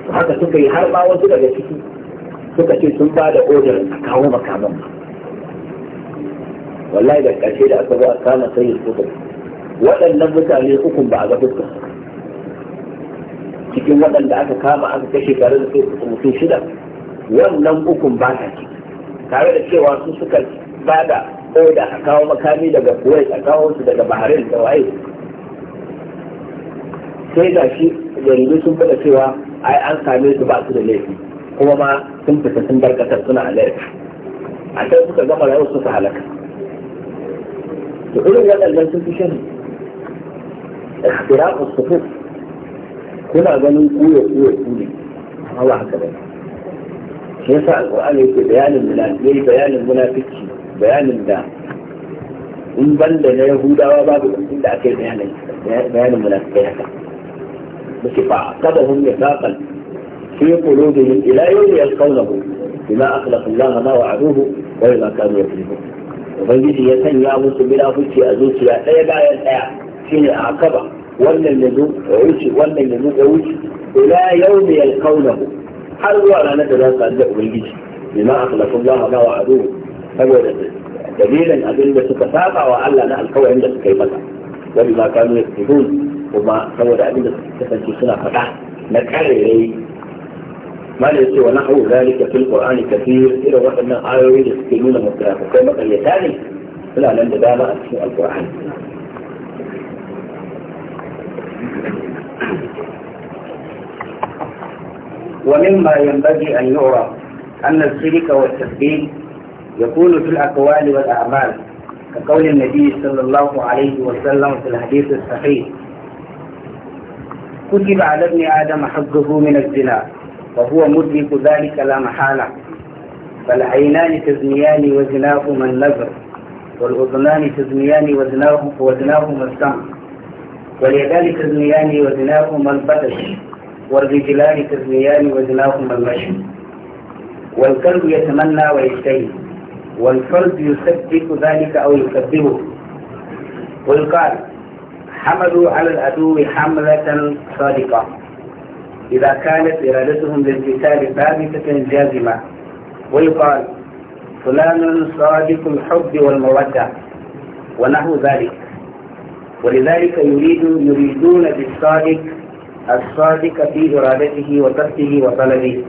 haka suka yi har ma wasu daga ciki suka ce sun ba da odar a kawo makaman wallahi da ƙarshe da aka zo a kama sai ya suka waɗannan mutane ukun ba a ga fuskar cikin waɗanda aka kama aka kashe tare da mutum shida wannan ukun ba ta ciki tare da cewa su suka ba da oda a kawo makami daga kuwait a kawo su daga bahrain da waye sai da shi jaridu sun bada cewa ai an same su ba su da laifi kuma ba sun fita sun barkatar kasar suna alayyar a kai suka gama rayuwar suka halaka to irin waɗannan sun fi shirin ikhtirafu sufuf kuna ganin kuya kuya kuli Allah haka bane shi yasa alqur'ani yake bayanin munafiki bayanin munafiki bayanin da in banda na yahudawa babu inda aka yi bayanin bayanin munafiki haka ba shi fa kadahum yasaqan في قلوبهم إلى يوم يلقونه بما أخلق الله ما وعدوه وإلى كانوا يكذبون وبنجي يتن يا موسى بلا فتي أزوت يا تيبا يا تيع سين أعقبة ولا النذوب أوتي ولا النذوب أوتي إلى يوم يلقونه هل هو على نفس الناس أن يأتوا بما أخلق الله ما وعدوه فبولا دليلا أدل بسكفاقة وعلى نحن القوى عند سكيبتا وبما كانوا يكذبون وما فبولا أدل بسكفاقة وعلا نحن القوى ما ليس ونحو ذلك في القرآن كثير إلى من آيوي يسكنون مكافة كما قال يتالي فلا لن دبالا في القرآن ومما ينبغي أن يعرف أن الشرك والتكبير يكون في الأقوال والأعمال كقول النبي صلى الله عليه وسلم في الحديث الصحيح كتب على ابن آدم حقه من الزنا فهو مدرك ذلك لا محالة فالعينان تزنيان وزناهما النظر والأذنان تزنيان وزناهما السمع واليدان تزنيان وزناهما البطش والرجلان تزنيان وزناهما المشي والقلب يتمنى ويشتهي والفرد يصدق ذلك أو يكذبه والقال حملوا على العدو حملة صادقة إذا كانت إرادتهم للقتال ثابتة جازمة ويقال فلان صادق الحب والمودة ونحو ذلك ولذلك يريد يريدون بالصادق الصادق في إرادته وتركه وطلبه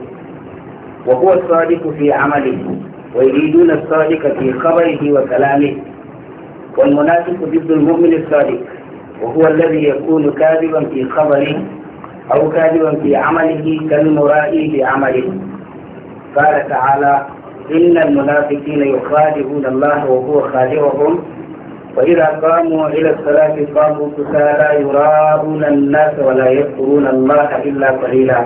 وهو الصادق في عمله ويريدون الصادق في خبره وكلامه والمنافق ضد المؤمن الصادق وهو الذي يكون كاذبا في خبره أو كاذبا في عمله كالمرائي في عمله قال تعالى إن المنافقين يخادعون الله وهو خادعهم وإذا قاموا إلى الصلاة قاموا كسالى يراءون الناس ولا يذكرون الله إلا قليلا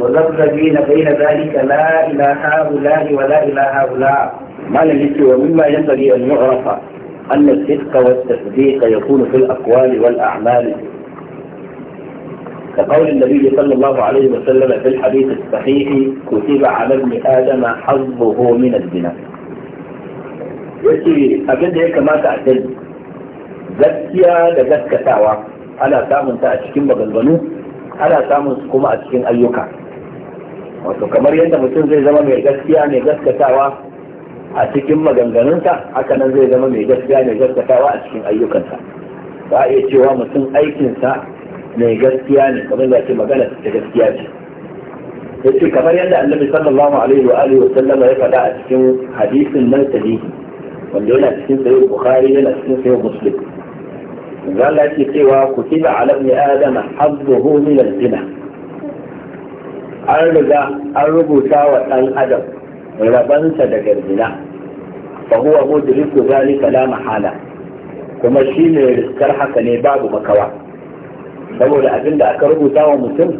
مذبذبين بين ذلك لا إلى هؤلاء ولا إلى هؤلاء ما نجد ومما ينبغي أن يعرف أن الصدق والتصديق يكون في الأقوال والأعمال كقول النبي صلى الله عليه وسلم في الحديث الصحيح كتب على ابن آدم حظه من الزنا yace abin da ya kamata a sani gaskiya da gaskatawa ana samun a cikin maganganu ana samun su kuma a cikin ayyuka wato kamar yadda mutum zai zama mai gaskiya mai gaskatawa a cikin maganganunsa haka nan zai zama mai gaskiya mai gaskatawa a cikin ayyukansa ba a iya cewa mutum aikinsa mai gaskiya ne kamar da ce magana ta gaskiya ce yace kamar yadda annabi sallallahu alaihi wa alihi wa sallama ya faɗa a cikin hadisin nan sahihi wanda yana cikin sahih bukhari yana cikin sahih muslim zalla yake cewa kutiba ala ibn adam hazzuhu min al-zina an riga an rubuta wa dan adam rabansa daga zina fa huwa mudriku zalika la mahala kuma shi ne riskar haka ne babu makawa saboda abin da aka rubuta wa mutum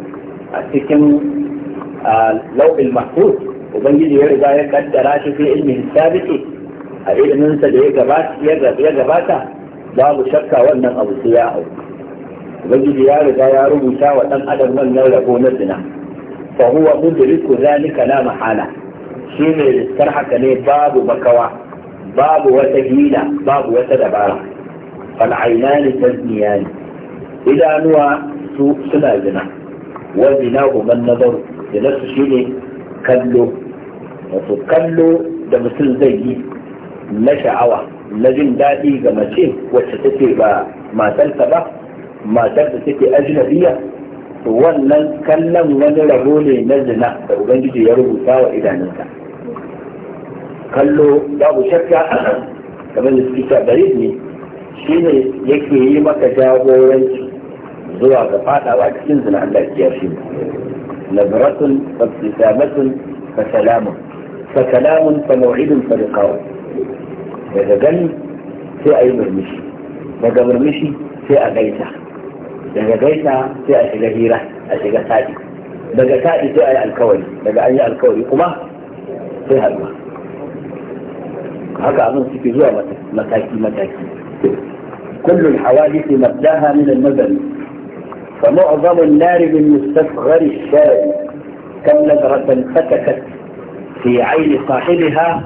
a cikin lau'il mahfuz ubangiji ya riga ya kaddara shi fi ilmi sabiti a ilminsa da ya gabata babu shakka wannan abu sai ya ubangiji ya riga ya rubuta wa dan adam wannan rabo na zina fa huwa mudriku zalika la mahala shi ne riskar haka ne babu makawa babu wata hila babu wata dabara fal ainani idanuwa su suna zina wa zina man nazaru zina su shine kallo wato kallo da mutum zai yi na sha'awa na jin daɗi ga mace wacce take ba matarsa ba matar da take ajnabiya to wannan kallon wani rabo ne na zina da ubangiji ya rubuta wa idanunsa kallo babu shakka kamar da suke ne shi ne yake yi maka jagoranci zuwa ga fadawa cikin zina Allah ya kiyashe mu نظرة فابتسامة فسلام فسلام فموعد فلقاء daga gani sai a yi murmushi daga murmushi sai a gaisa daga gaisa sai a shiga hira a shiga saɗi daga saɗi sai a yi alkawari daga an yi alkawari kuma sai haɗuwa haka abin suke zuwa mataki mataki kullum hawali sai mabdaha min al-nazari فمعظم النار بالمستصغر الشرعي كم نظرة فتكت في عين صاحبها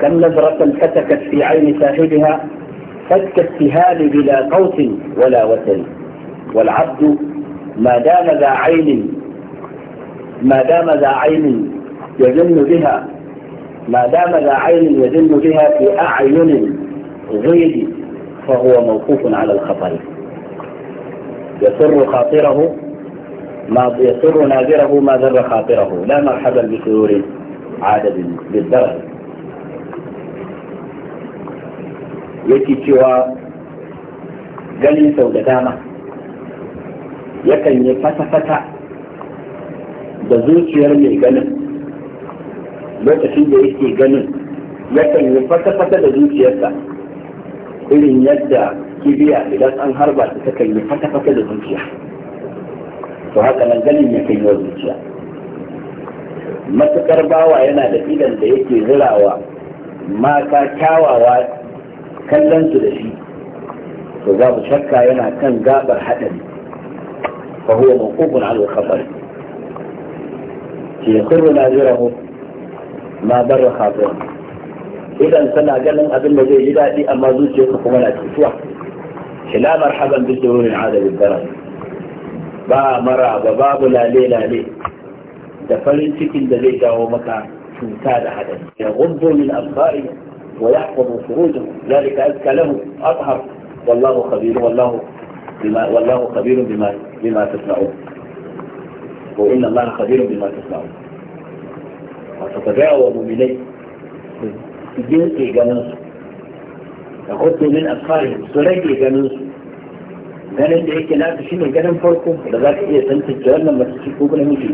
كم نظرة فتكت في عين صاحبها فك السهام بلا قوس ولا وتن والعبد ما دام ذا عين ما دام ذا عين يذل بها ما دام ذا عين يذل بها في أعين غير فهو موقوف على الخطر يسر خاطره ما يسر ناذره ما ذر خاطره لا مرحبا بسرور عاد بالدرس yake cewa ganin sau da dama yakan yi fata-fata da zuciyar mai ganin lokacin da yake ganin yakan yi fata-fata da zuciyarsa irin yadda kibiya idan an harba su takan yi fata-fata da zuciya to haka nan ganin ya kai wa zuciya matukar bawa yana da idan da yake zirawa mata kyawawa kallon su da shi to mu shakka yana kan gabar haɗari fa huwa mawqufun ala al-khatar ke kullu ma barra khatir idan tana ganin abin da zai yi daɗi amma zuciyarsa kuma na cutuwa لا مرحبا بالدهون العادة بالدرجة با مرا باب لا لي لا لي دفلن سكن دليجا ومكا شمتاد حدا يغض من أبخائه ويحفظ خروجه ذلك أذكى له أظهر والله خبير والله بما والله خبير بما بما تصنعون وإن الله خبير بما تسمعون وتتجاوب من إليه في جنسي جنسي تاخد من افكار سوريجي جنوس كان انت هيك لا تشيل القدم فوقه لغايه ايه سنه الجوال لما تشيل فوقه لما يجي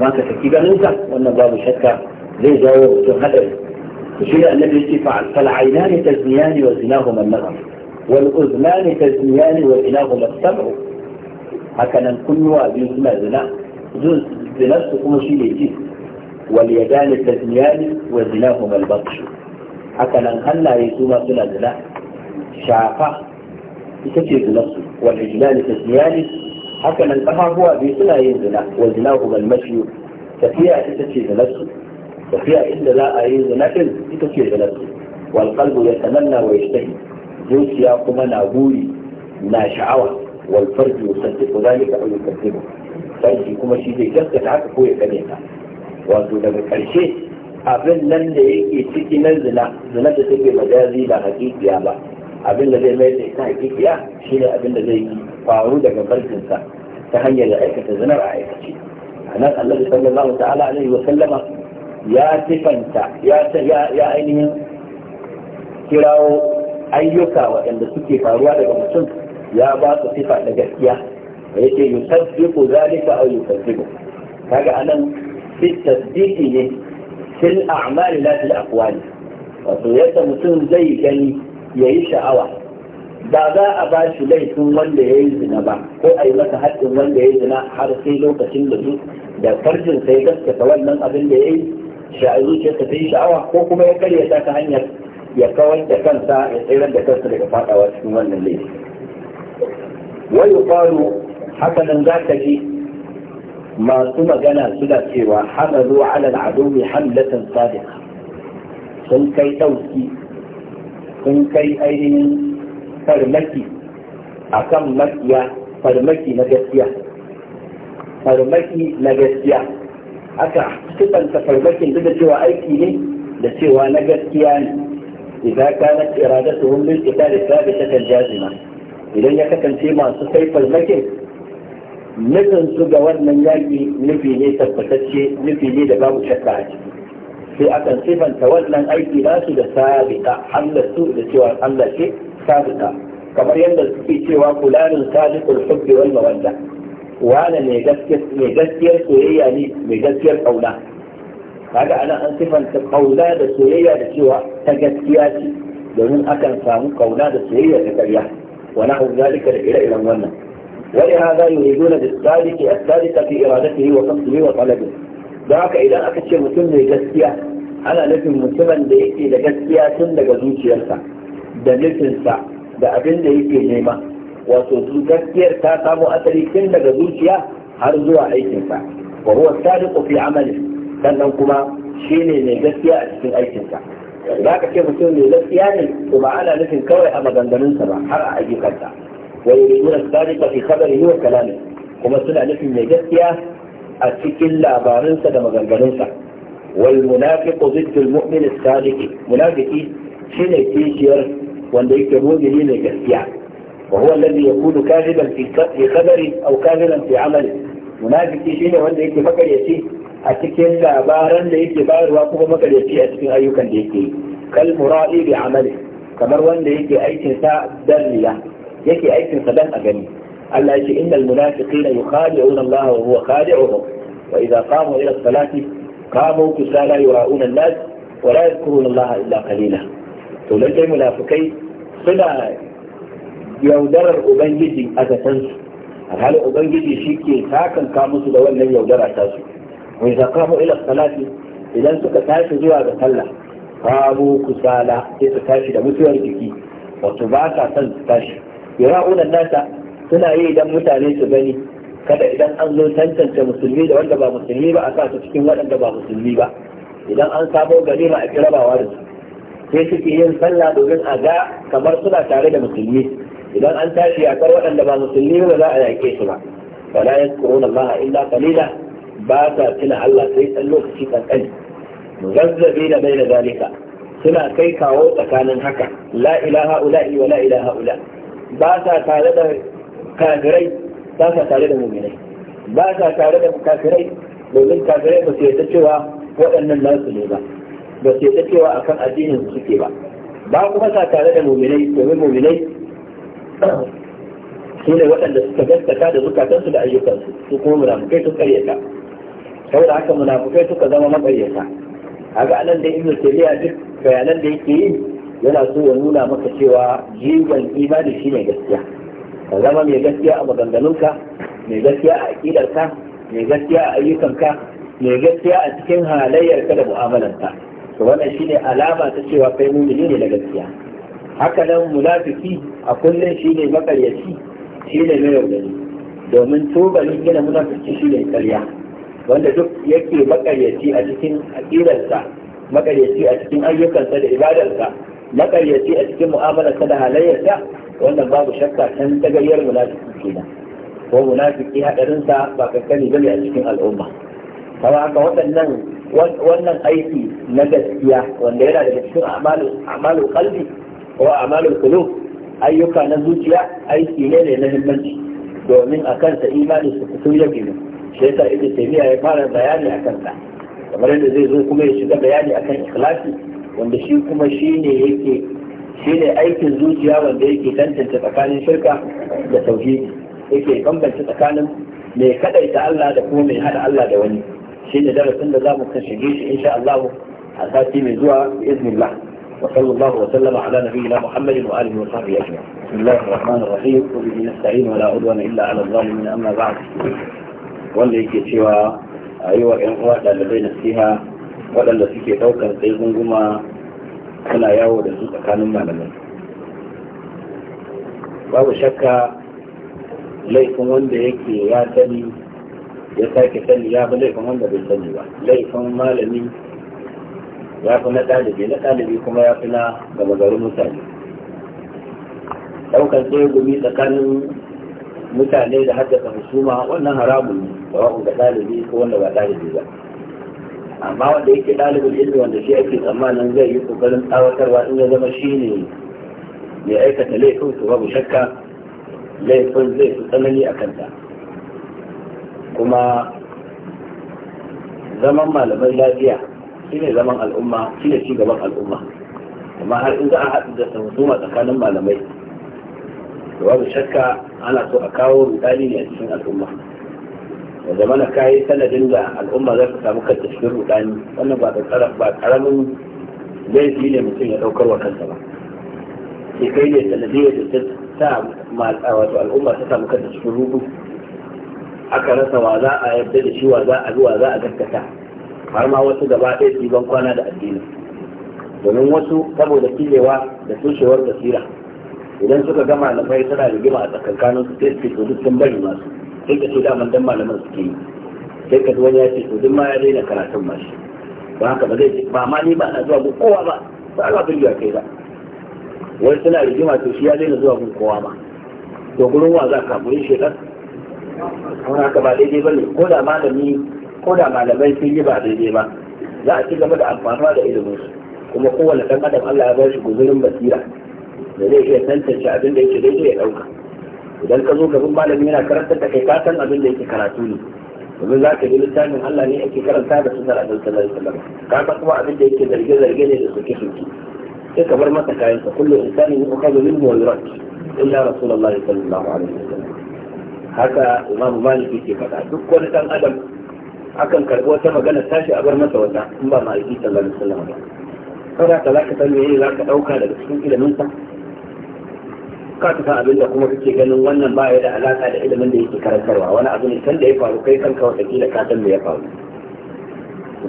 ما تفكي جنوسا وانا بابو شكا ليه جاوب تهدر وشيل النبي يشفع فالعينان تزنيان وزناهما النظر والاذنان تزنيان وزناهما السمع هكذا نكون وابي زنا زنا زوز بنفسكم شيل يجي واليدان تزنيان وزناهما البطش haka nan ya su ma suna zina shafa ita ce zina zinarsu wal ijlali tasmiyani haka nan kafafuwa biyu suna yin zina wa zina bal almashi tafiya ita ce zina su tafiya inda za a yi zina din ita ce zina su wal qalbu ya tamanna wa yashtahi zuciya kuma na guri na sha'awa wal farji yusaddiqu dhalika aw yukaththibu farji kuma shi zai gaskata haka ko ya kare wato daga karshe abin nan da yake ciki na zina zina da take majazi ba hakikiya ba abin da zai mai da ita hakikiya ne abin da zai faru daga barkinsa ta hanyar da aikata zinar a aikace nan Allah sallallahu ta'ala alaihi wa sallama ya tifanta ya ya ainihin kirawo ayyuka waɗanda suke faruwa daga mutum ya ba su sifa da gaskiya da yake yusabbiqu zalika aw ka ga anan fit tasdiqi ne fil a'mali la fil aqwali wato yadda mutum zai gani yayi sha'awa ba za a ba shi laifin wanda ya yi zina ba ko a yi masa haƙƙin wanda ya yi zina har sai lokacin da su da farjin sai gaskata wannan abin da ya yi ce ta yi sha'awa ko kuma ya karya ta ta hanyar ya kawar da kansa ya tsirar da kansa daga faɗawa cikin wannan laifi wai faru haka nan za ka ji masu magana suna cewa hamalu ala al'adumi hamlatan sadiqa sun kai dauki sun kai ainihin farmaki a kan makiya farmaki na gaskiya farmaki na gaskiya aka sifanta farmakin duk da cewa aiki ne da cewa na gaskiya ne idan da kanat ita da qital thabitatan jazima idan ya kasance masu kai farmakin nufin su ga wannan yaƙi nufi ne tabbatacce nufi ne da babu shakka a ciki sai akan sifanta wannan aiki nasu da sabita Allah su da cewa Allah ce sabita kamar yadda suke cewa kulanin sadiqul hubbi wal mawadda wala mai gaskiyar soyayya ne mai gaskiyar kauna kaga ana an sifanta kauna da soyayya da cewa ta gaskiya ce domin akan samu kauna da soyayya ta ƙarya wa nahu zalika da ire-iren wannan ولهذا يريدون بالثالث الثالثة في إرادته وقصده وطلبه ذاك إذا أكتش مسلم لجسية أنا نفهم مسلما ليكي لجسية تن لجزوش يلسع da nufinsa da abin da yake nema wato su gaskiyar ta samo asali tun daga zuciya har zuwa aikinsa wa huwa sadiqu fi amali sannan kuma shine mai gaskiya a cikin aikinsa za ka ce mutum mai gaskiya ne kuma ana nufin kawai a maganganunsa ba har a ayyukansa ويريدون الصادق في خبره وكلامه كما سنة نفي من جثيا أتكل لا بارنسا دم والمنافق ضد المؤمن الصادق منافقي شين تيشير وندي كبوز لين جثيا وهو الذي يكون كاذبا في خبره أو كاذبا في عمله منافقي شين وندي فكر يسي أتكل لا بارن ليك بار واقوم مكر يسي أتكل أيوكا ليكي كالمرائي بعمله كمر وندي أي ساء درية yake aikin sa dan a gani Allah ya ce innal munafiqina yukhadi'una Allah wa huwa khadi'uhum wa idza qamu ila as-salati qamu kusala yura'una an-nas wa la yadhkuruna Allah illa qalila to lalle munafikai suna yaudarar ubangiji a zatansu alhali ubangiji shi ke takanka musu da wannan yaudara ta su wai za kamo ila salati idan suka tashi zuwa ga sallah kamo kusala sai su tashi da mutuwar jiki wato ba sa son su tashi yara'una nasa suna yi idan mutane su gani kada idan an zo tantance musulmi da wanda ba musulmi ba a sa su cikin waɗanda ba musulmi ba idan an samo ganima a kirabawa da su sai suke yin sallah domin a ga kamar suna tare da musulmi idan an tashi a kar waɗanda ba musulmi ba za a yaƙe su ba wala yadkuruna Allah illa qalila ba sa tuna Allah sai dan lokaci kankani muzazzabi da bai da zalika suna kai kawo tsakanin haka la ilaha ula'i wa la ilaha ula'i ba sa tare da kafirai ba sa tare da muminai ba sa tare da kafirai domin kafirai ba su yadda cewa waɗannan nasu ne ba ba su yadda cewa akan addinin su suke ba ba kuma sa tare da muminai domin muminai (clears throat) su ne waɗanda suka gaskata da zukatansu da ayyukansu su kuma munafukai sun karyata saboda haka munafukai suka zama makaryata a ga nan da ibnu taymiya duk bayanan da yake yi yana so ya nuna maka cewa jigon imani shi mai gaskiya ka zama mai gaskiya a maganganunka mai gaskiya a aƙidarka mai gaskiya a ayyukanka mai gaskiya a cikin halayyarka da mu'amalanta, to wannan shine alama ta cewa kai mumini ne na gaskiya haka nan munafiki a kullum shine makaryaci shine mai yaudari domin tubalin gina munafiki shine karya wanda duk yake makaryaci a cikin aƙidarsa makaryaci a cikin ayyukansa da ibadarsa makaryaci a cikin mu'amala ta da wannan babu shakka can tagayyar munafiki kenan ko munafiki hadarin sa ba kankani bane a cikin al'umma kama haka waɗannan wannan aiki na gaskiya wanda yana daga cikin amalu kalbi ko amalu kulub ayyuka na zuciya aiki ne ne na himmanci domin a kansa imani su fito ya gina shi yasa ibnu taymiya ya fara bayani a kansa kamar yadda zai zo kuma ya shiga bayani akan ikhlasi wanda shi kuma shi ne yake shi ne aikin zuciya wanda yake tantance tsakanin shirka da tauhidi yake bambance tsakanin mai kadaita Allah da kuma mai hada Allah da wani shi ne darasin da za mu kan shige shi insha Allah a sati mai zuwa bi'iznillah وصلى الله وسلم على نبينا محمد واله وصحبه اجمعين. بسم الله الرحمن الرحيم وبه نستعين ولا عدوان الا على الظالمين اما بعد. واللي يجي yan uwa واحد لدينا فيها waɗanda suke ɗaukar tsaye gunguma suna yawo da su tsakanin malamai babu shakka laifin wanda yake ya sani ya sake sani ya fi laifin wanda bai sani ba laifin malami ya fi na ɗalibi na ɗalibi kuma ya fi na gama garin mutane ɗaukar tsegumi gumi tsakanin mutane da haddasa husuma wannan haramun ne ba ga ɗalibi ko wanda ba ɗalibi ba amma wanda yake ɗalibin ilmi wanda shi ake tsammanin zai yi kokarin tsawatarwa in ya zama shi ne mai aikata laifin su babu shakka laifin zai fi tsanani a kanta kuma zaman malamai lafiya shi ne zaman al'umma shi ne gaban al'umma amma har in za a haɗu da samusuma tsakanin malamai babu shakka ana so a kawo rudani ne a cikin al'umma da zamana kayi sanadin da al'umma za su samu kanta cikin rudani wannan ba ba karamin laifi ne mutum ya daukar wa kansa ba sai kai ne sanadin da ta sa wato al'umma ta samu kanta cikin rudu aka rasa wa za a yarda da shi wa za a zuwa za a gaskata har ma wasu gaba ɗaya su ban kwana da addini domin wasu saboda kilewa da tushewar basira idan suka gama na fai suna rigima a tsakankanin su sai su duk sun bari masu sai ka ce daman dan malaman suke yi sai ka wani ya ce to duk ma ya daina karatun ma shi ba haka ba zai ba ma ni ba na zuwa gun kowa ba ba Allah bin ya kai ba wani suna rigima to shi ya daina zuwa gun kowa ba to gurin wa za ka gurin shekar kuma haka ba daidai ba ne ko da malami ko da malamai sun yi ba daidai ba za a ci gaba da amfanuwa da ilimin su kuma kowane ɗan adam Allah ya bar shi guzurin basira da zai iya tantance abin da yake daidai ya ɗauka idan ka zo ka bin malami yana karanta da kai katan abin da yake karatu ne domin za ka bi littafin Allah ne yake karanta da sunan Annabi sallallahu alaihi wasallam ka san kuma abin da yake zarge zarge ne da suke suke sai ka bar masa kayan sa kullu insani yu'khadhu minhu wa yurad illa rasulullahi sallallahu alaihi wasallam haka Imam Malik ke faɗa duk wani dan adam akan karɓi wata magana tashi a bar masa wata in ba ma'aiki sallallahu alaihi wasallam ba kada ka za ka san me za ka ɗauka daga cikin ilimin sa ka ta abin da kuma kake ganin wannan baya da alaka da ilimin da yake karantarwa wani abu ne kan da ya faru kai kanka wata kila ka san me ya faru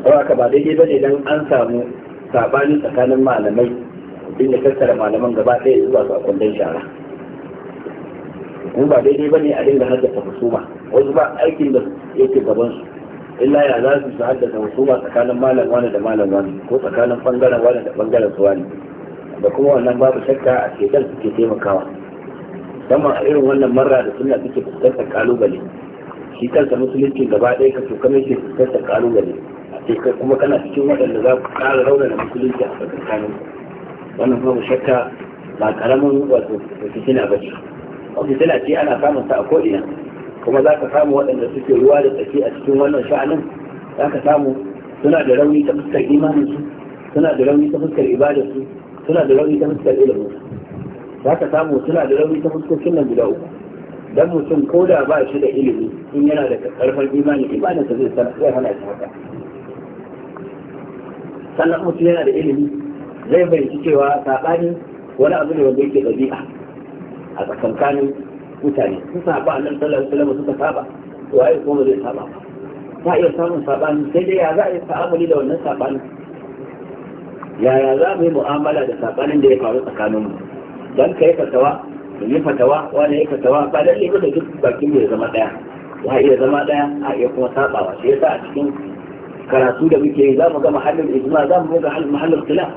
saboda ba daidai bane dan an samu sabani tsakanin malamai din da tattara malaman gaba ɗaya zuwa su a kundin shara kuma ba daidai bane a dinga haddasa husuma wasu ba aikin da yake gaban su illa ya za su su haddasa husuma tsakanin malam wani da malam wani ko tsakanin bangaren wani da bangaren su wani da kuma wannan babu shakka a shekan suke taimakawa musamman a irin wannan marra da suna suke fuskantar kalubale shi kansa musulunci gaba ɗaya ka tuka mai shi fuskantar kalubale a ce kuma kana cikin waɗanda za ku ƙara raunana musulunci a tsakanin wannan kuma shakka ba karamin wato fitina ba ce fitina ce ana samun ta a ko'ina kuma za ka samu waɗanda suke ruwa da tsaki a cikin wannan sha'anin za ka samu suna da rauni ta fuskar imaninsu suna da rauni ta fuskar ibadarsu suna da rauni ta fuskar iliminsu za ka samu suna da rauni ta fuskokin nan guda uku dan mutum ko da ba shi da ilimi in yana da karfar imani imaninsa zai san zai hana shi haka sannan mutum yana da ilimi zai bayyanci cewa saɓani wani abu ne wanda yake ɗabi'a a tsakankanin mutane su saba annabi sallallahu alaihi wasallam suka saba to ai kuma zai saba ta iya samun saɓani sai dai ya za a yi ta'amuli da wannan saɓanin yaya za mu yi mu'amala da saɓanin da ya faru tsakaninmu dan ka yi fatawa ka yi fatawa wani ya fatawa ba lalle ba da duk bakin mai zama daya ya iya zama daya a iya kuma sabawa shi yasa a cikin karatu da muke yi za mu ga mahallin ijma za mu ga mahallin khilaf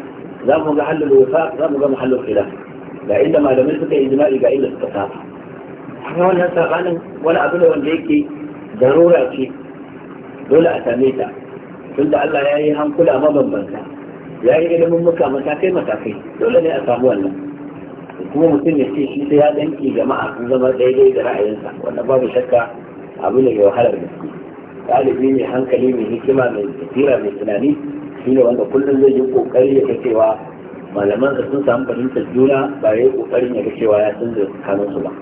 za mu ga halin wafa za mu ga mahallin khilaf ga inda malamai suka yi jima'i ga inda suka saba amma wannan sabanin wani abu ne wanda yake darura ce dole a same ta tunda Allah ya yi hankula mabambanta ya yi ilimin muka matakai matakai dole ne a samu wannan kuma mutum ya ce shi sai ya danki jama'a sun zama daidai da ra'ayinsa wanda babu shakka abu ne mai wahalar gaske ɗalibi mai hankali mai hikima mai tafira mai tunani shi ne wanda kullum zai yi kokari ya ga cewa malaman da sun samu fahimtar juna ba ya yi kokarin ya ga cewa ya sun zai su ba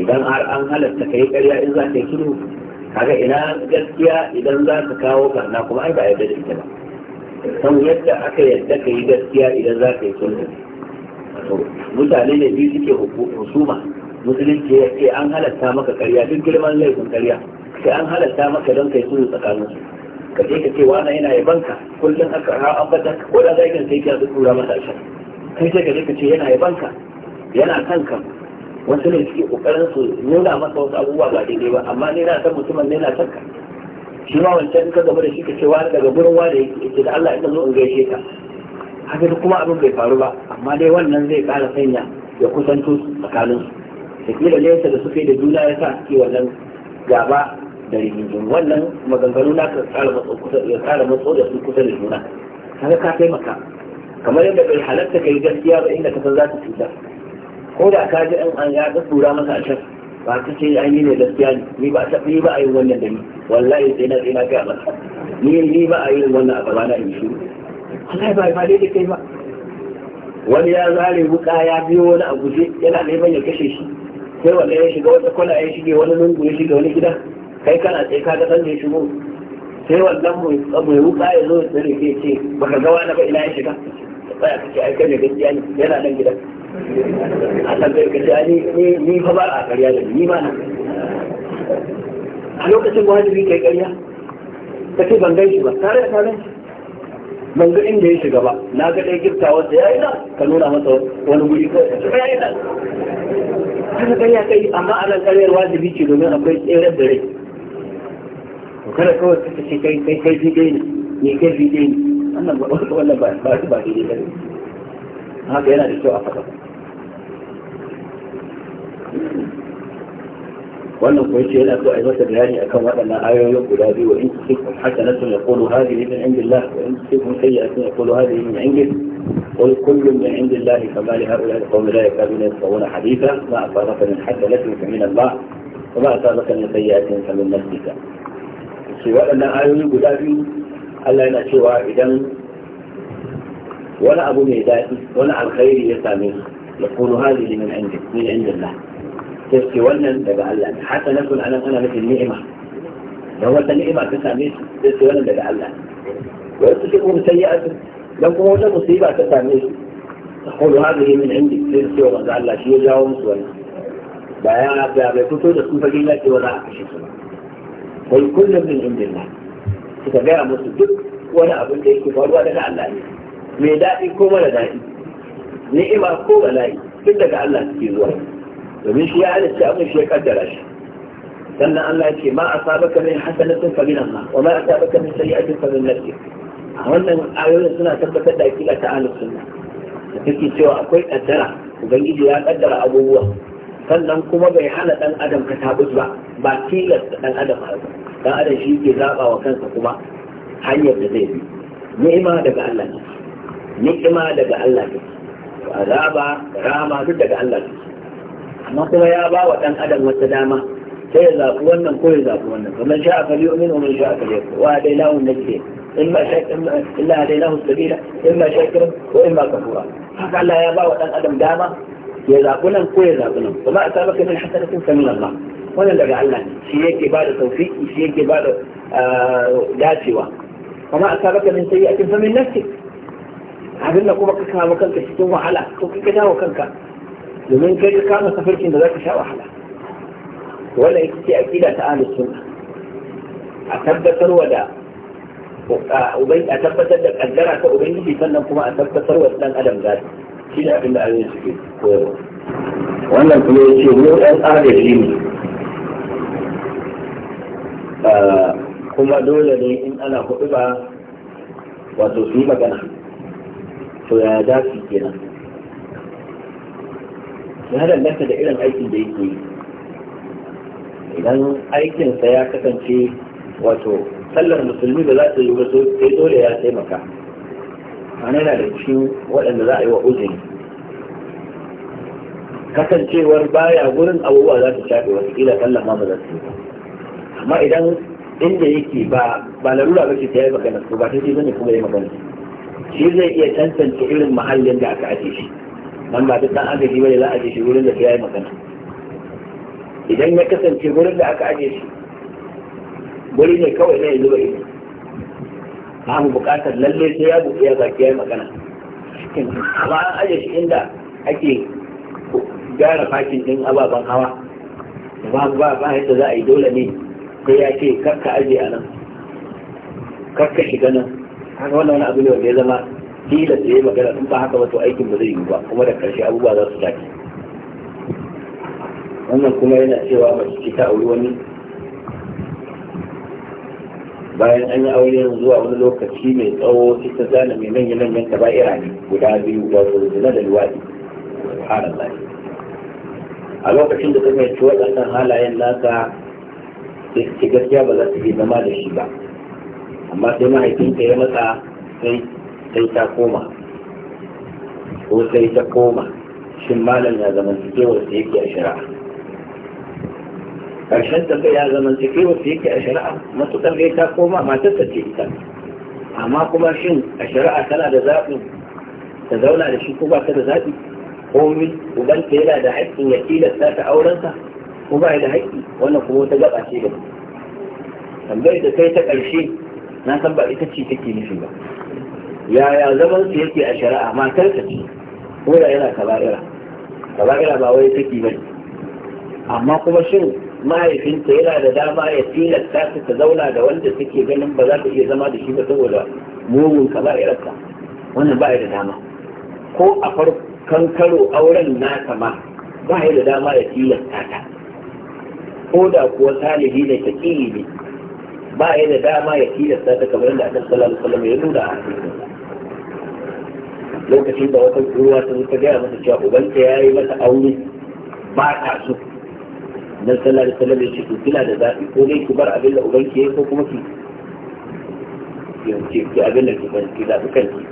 idan har an halatta kai karya in za ka yi sulhu kaga ina gaskiya idan za ka kawo karna kuma ai ba yarda da ita ba san yadda aka yadda ka yi gaskiya idan za ka yi sulhu mutane ne biyu suke husuma musulunci ya ce an halatta maka karya duk girman laifin karya sai an halatta maka don kai sulhu tsakanin ka je ka ce wani yana banka kullum aka rawa ambata ko da zai sai ka tsura masa shi kai sai ka je ka ce yana banka? yana kanka wasu ne suke kokarin su nuna masa wasu abubuwa ba daidai ba amma ni na san mutumin ne na sanka shi ma wancan ka gaba da shi ka ce wani daga gurin wani yake da Allah ina zo in gaishe ka haka kuma abin bai faru ba amma dai wannan zai kara sanya ya kusanto tsakanin su da nesa da suke da juna ya sa suke wannan gaba da rigingin wannan maganganu na ka tsara matso da su kusa da juna kaga ka taimaka kamar yadda bai halatta kai gaskiya ba inda ka san za ta cuta ko da ka ji an ya ga tura masa a can ba ta ce an yi ne gaskiya ne ni ba ta ba a yi wannan da ni wallahi sai na sai na ga masa ni ni ba a yi wannan a gaba na in shiru wani ya zare wuka ya biyo wani a guje yana neman ya kashe shi sai wanda ya shiga wata kwana ya shige wani lungu ya shiga wani gida kai kana tsaye ka ga san da ya shigo sai wannan mai wuka ya zo ya tsare ke ce baka ga wani ba ina ya shiga tsaya ka ce ai kai ne gaskiya ne yana nan gidan a san zai ka ce ni ni fa ba a karya da ni ma na a lokacin wajibi kai ƙarya ka ban gan ba tare da tare. ban ga inda ya shiga ba na ga ɗaya girta wanda ya yi nan ka nuna masa wani guri ko ya yi nan kada kai ya kai amma a nan karyar wajibi ce domin akwai tseren da rai to kada kawai ka ce kai kai kai daidai ne ne kai daidai ne wannan ba wannan ba ba ba daidai ba haka yana da kyau a faɗa wannan kuma yace yana so a yi masa bayani akan waɗannan ayoyin guda biyu wa in tusikum hasanatun yaqulu hadhihi min indillah wa in tusikum sayyi'atun hadhihi min قل كل من عند الله فما لهؤلاء القوم لا يكادون يفقهون حديثا ما أصابك من حسنة فمن الله وما أصابك من سيئة فمن نفسك سواء أن آيوني قدابي ألا نشوى إذا ولا أبو ميداتي ولا الخير يسامي يقول هذه من عندك من عند الله تسكي ولنا بجعلان حتى نقول أنا أنا مثل نعمه لو أنت نئمة تسامي تسكي ولنا بجعلان وإذا تكون سيئة لو كنت مصيبة تسامي تقول هذه من عندي تسكي ولنا بجعلان شيء جاوز ولا بايا بايا بايا كتو تكون فجينا تسكي ولا قل كل من عند الله تتبع مصدق ولا أقول لك كفار ولا جعلان ميدائكم ولا دائم نئمة كوبا لاي إلا جعلان تسكي ولا domin shi ya halitta abin shi ya kaddara shi sannan Allah ya ce ma asabaka min hasanatin fa min Allah wa ma asabaka min sayyi'atin fa min nafsik a wannan ayoyin suna tabbatar da aqida ta ahlus sunna da take cewa akwai kaddara ubangiji ya kaddara abubuwa sannan kuma bai hana dan adam ka tabus ba ba tilasta dan adam haka dan adam shi ke zaba wa kansa kuma hanyar da zai bi ni'ima daga Allah ne ni'ima daga Allah ne azaba rama duk daga Allah ne amma kuma ya ba wa ɗan adam wata dama sai ya zaɓi wannan ko ya zaɓi wannan kuma kamar a fali umin umar sha'a fali wa dai lawun nake in ma shakirin illa dai lahun sabila in ma shakirin ko in ma kafura haka Allah ya ba wa ɗan adam dama ya zaɓi nan ko ya zaɓi nan kuma a sabaka min hasanatin kamin Allah wannan daga Allah ne shi yake ba da tawfiki shi yake ba da dacewa kuma a sabaka min sayyi'atin famin nafsik abin da kuma ka kawo kanka cikin wahala ko kika dawo kanka domin kai ka kama tafarkin da za ka sha wahala wannan ita ce aƙida ta ahlus sunna a tabbatar wa da a tabbatar da kaddara ta ubangiji sannan kuma a tabbatar wa dan adam zai shi ne abin da ayoyin suke koyarwa wannan kuma ya ce mu ɗan agaji ne kuma dole ne in ana kuɗi ba wato su yi magana to ya dafi kenan ya danganta da irin aikin da yake yi idan aikinsa ya kasance wato sallar musulmi da za ta yi wato sai dole ya taimaka ana yana da cikin waɗanda za a yi wa uzuri kasancewar baya gurin abubuwa za su shafe wasu kila sallar ma ba za su amma idan inda yake ba ba larura ba ce ta yi magana ba ta ce zane kuma yi magana shi zai iya tantance irin mahallin da aka ake shi nan ba duk dan adadi bane za a je shi wurin da yayi yi magana idan ya kasance wurin da aka aje shi wuri ne kawai na zuba ido babu bukatar lalle sai ya buɗe ya zaki ya yi magana amma an aje shi inda ake gyara fakin din ababen hawa da babu ba ba yadda za a yi dole ne sai ya ce karka aje a nan karka shiga nan haka wannan wani abu ne wanda ya zama da ya magana in ba haka wato aikin ba zai yi ba kuma da karshe abubuwa za su dace wannan kuma yana cewa mace ce ta auri wani bayan an yi aure zuwa wani lokaci mai tsawo sai ta zana mai manyan manyan iya ne guda biyu su zina da luwadi subhanallah a lokacin da ta mai da san halayen nasa sai gaskiya ba za ta iya zama da shi ba amma sai mahaifinta ya matsa sai sai ta koma ko sai ta koma shin malam ya zama cikewar su yake a shari'a ƙarshen tafiya ya zama cikewar su yake a shari'a matuƙar dai ta koma matar ta ce ita amma kuma shin a shari'a tana da zaɓi ta zauna da shi ko ba ta da zaɓi komi ubanta yana da haƙƙin ya tilasta ta aurensa ko ba da haƙƙi wannan kuma wata gaba ce da tambayar da kai ta ƙarshe na san ba ita ce take nufi ba yaya zaman su yake a shari'a matar ka ce ko da yana kaba'ira kaba'ira ba wai take ba amma kuma shin mahaifinta yana da dama ya tilasta su ta zauna da wanda suke ganin ba za ta iya zama da shi ba saboda mugun kaba'irarsa wannan ba da dama ko a farkon karo auren nasa ma ba da dama ya tilasta ta ko da kuwa salihi ne ta ne ba ya da dama ya tilasta ta kamar yadda a sallallahu alaihi wasallam ya nuna a hadisin lokacin da wata ruwa ta zuka gaya masa cewa ubanta ya yi mata aure ba ta so nan sallallahu da wasallam ya ce ku kina da zafi ko zai ki bar abin da ubanki yayi ko kuma ki ki ki abin da ki bar ki zafi kanki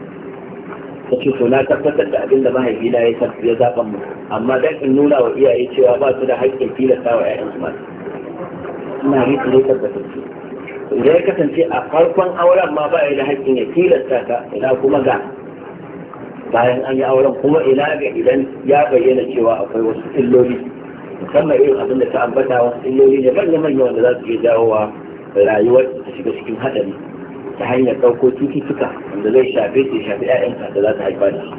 ta ce to na tabbatar da abin da mahaifina ya ya zaban mu amma dan in nuna wa iyaye cewa ba su da haƙƙin tilasta wa ƴaƴan su mata ina miki ne tabbatar ki idan ya kasance a farkon auren ma ba ya da haƙƙin ya tilasta ka ina kuma ga bayan an yi auren kuma ina ga idan ya bayyana cewa akwai wasu illoli musamman irin abin da ta ambata wasu illoli ban zama manya wanda za su iya jawowa rayuwar ta shiga cikin hadari ta hanyar ɗauko cututtuka wanda zai shafe ta shafe 'ya'yanta da za ta haifa da shi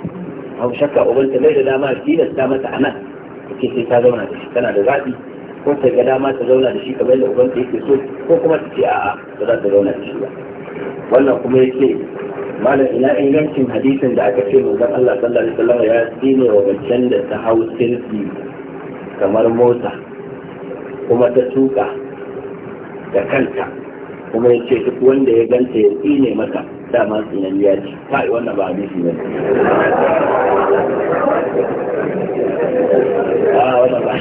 abu shakka ubanta bai da dama tilasta mata a nan take sai ta zauna da shi tana da zaɓi ko ta ga dama ta zauna da shi kamar yadda ubanta yake so ko kuma ta ce a'a ba za ta zauna da shi ba wannan kuma yake malam ina ingancin hadisin da aka ce manzon Allah sallallahu alaihi wasallam ya tsine wa baccen da ta hau silki kamar mota kuma ta tuka da kanta kuma yace duk wanda ya ganta ya tsine mata dama tsinan ya ji kai wannan ba hadisi ne ah, wannan ba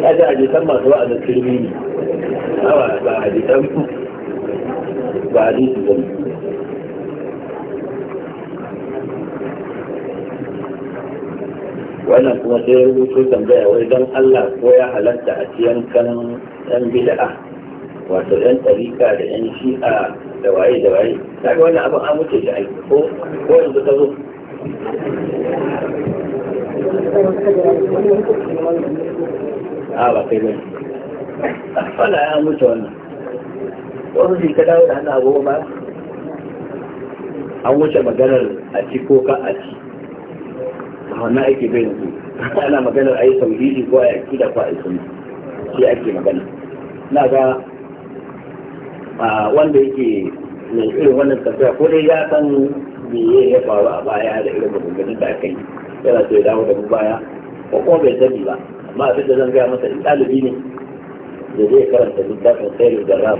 ya ji hadisan a wa'azin kirmi Awa, ba hadisan ba hadisi ba wannan kuma sai rubutu tambaya wai don Allah ko ya halatta a ciyan kan yan bid'a wato yan tarika da yan shi'a da waye da waye kaga wannan abin an wuce shi aiki ko ko yanzu ta zo a ba kai bane wala ya wuce wannan wani shi ka dawo da hannu agogo ba an wuce maganar a ci ko ka a ci a wannan ake bai yanzu ana maganar a yi tauhidi ko a yi da ko a yi sunna shi ake magana na ga wanda yake mai irin wannan tafiya ko dai ya san me ya faru a baya da irin maganganun da aka yi yana so ya dawo da baya ko kuma bai sani ba ما في ده زنجا مثلا قال بيني زي كلام تزيد بقى خير الجرام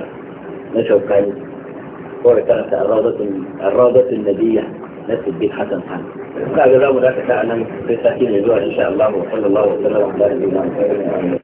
نشوف كان هو كان الرادة الرادة النبية نفس الدين حسن حان قال جزاه الله خيرا في ساكين الجوع إن شاء الله وصلى الله وسلم على نبينا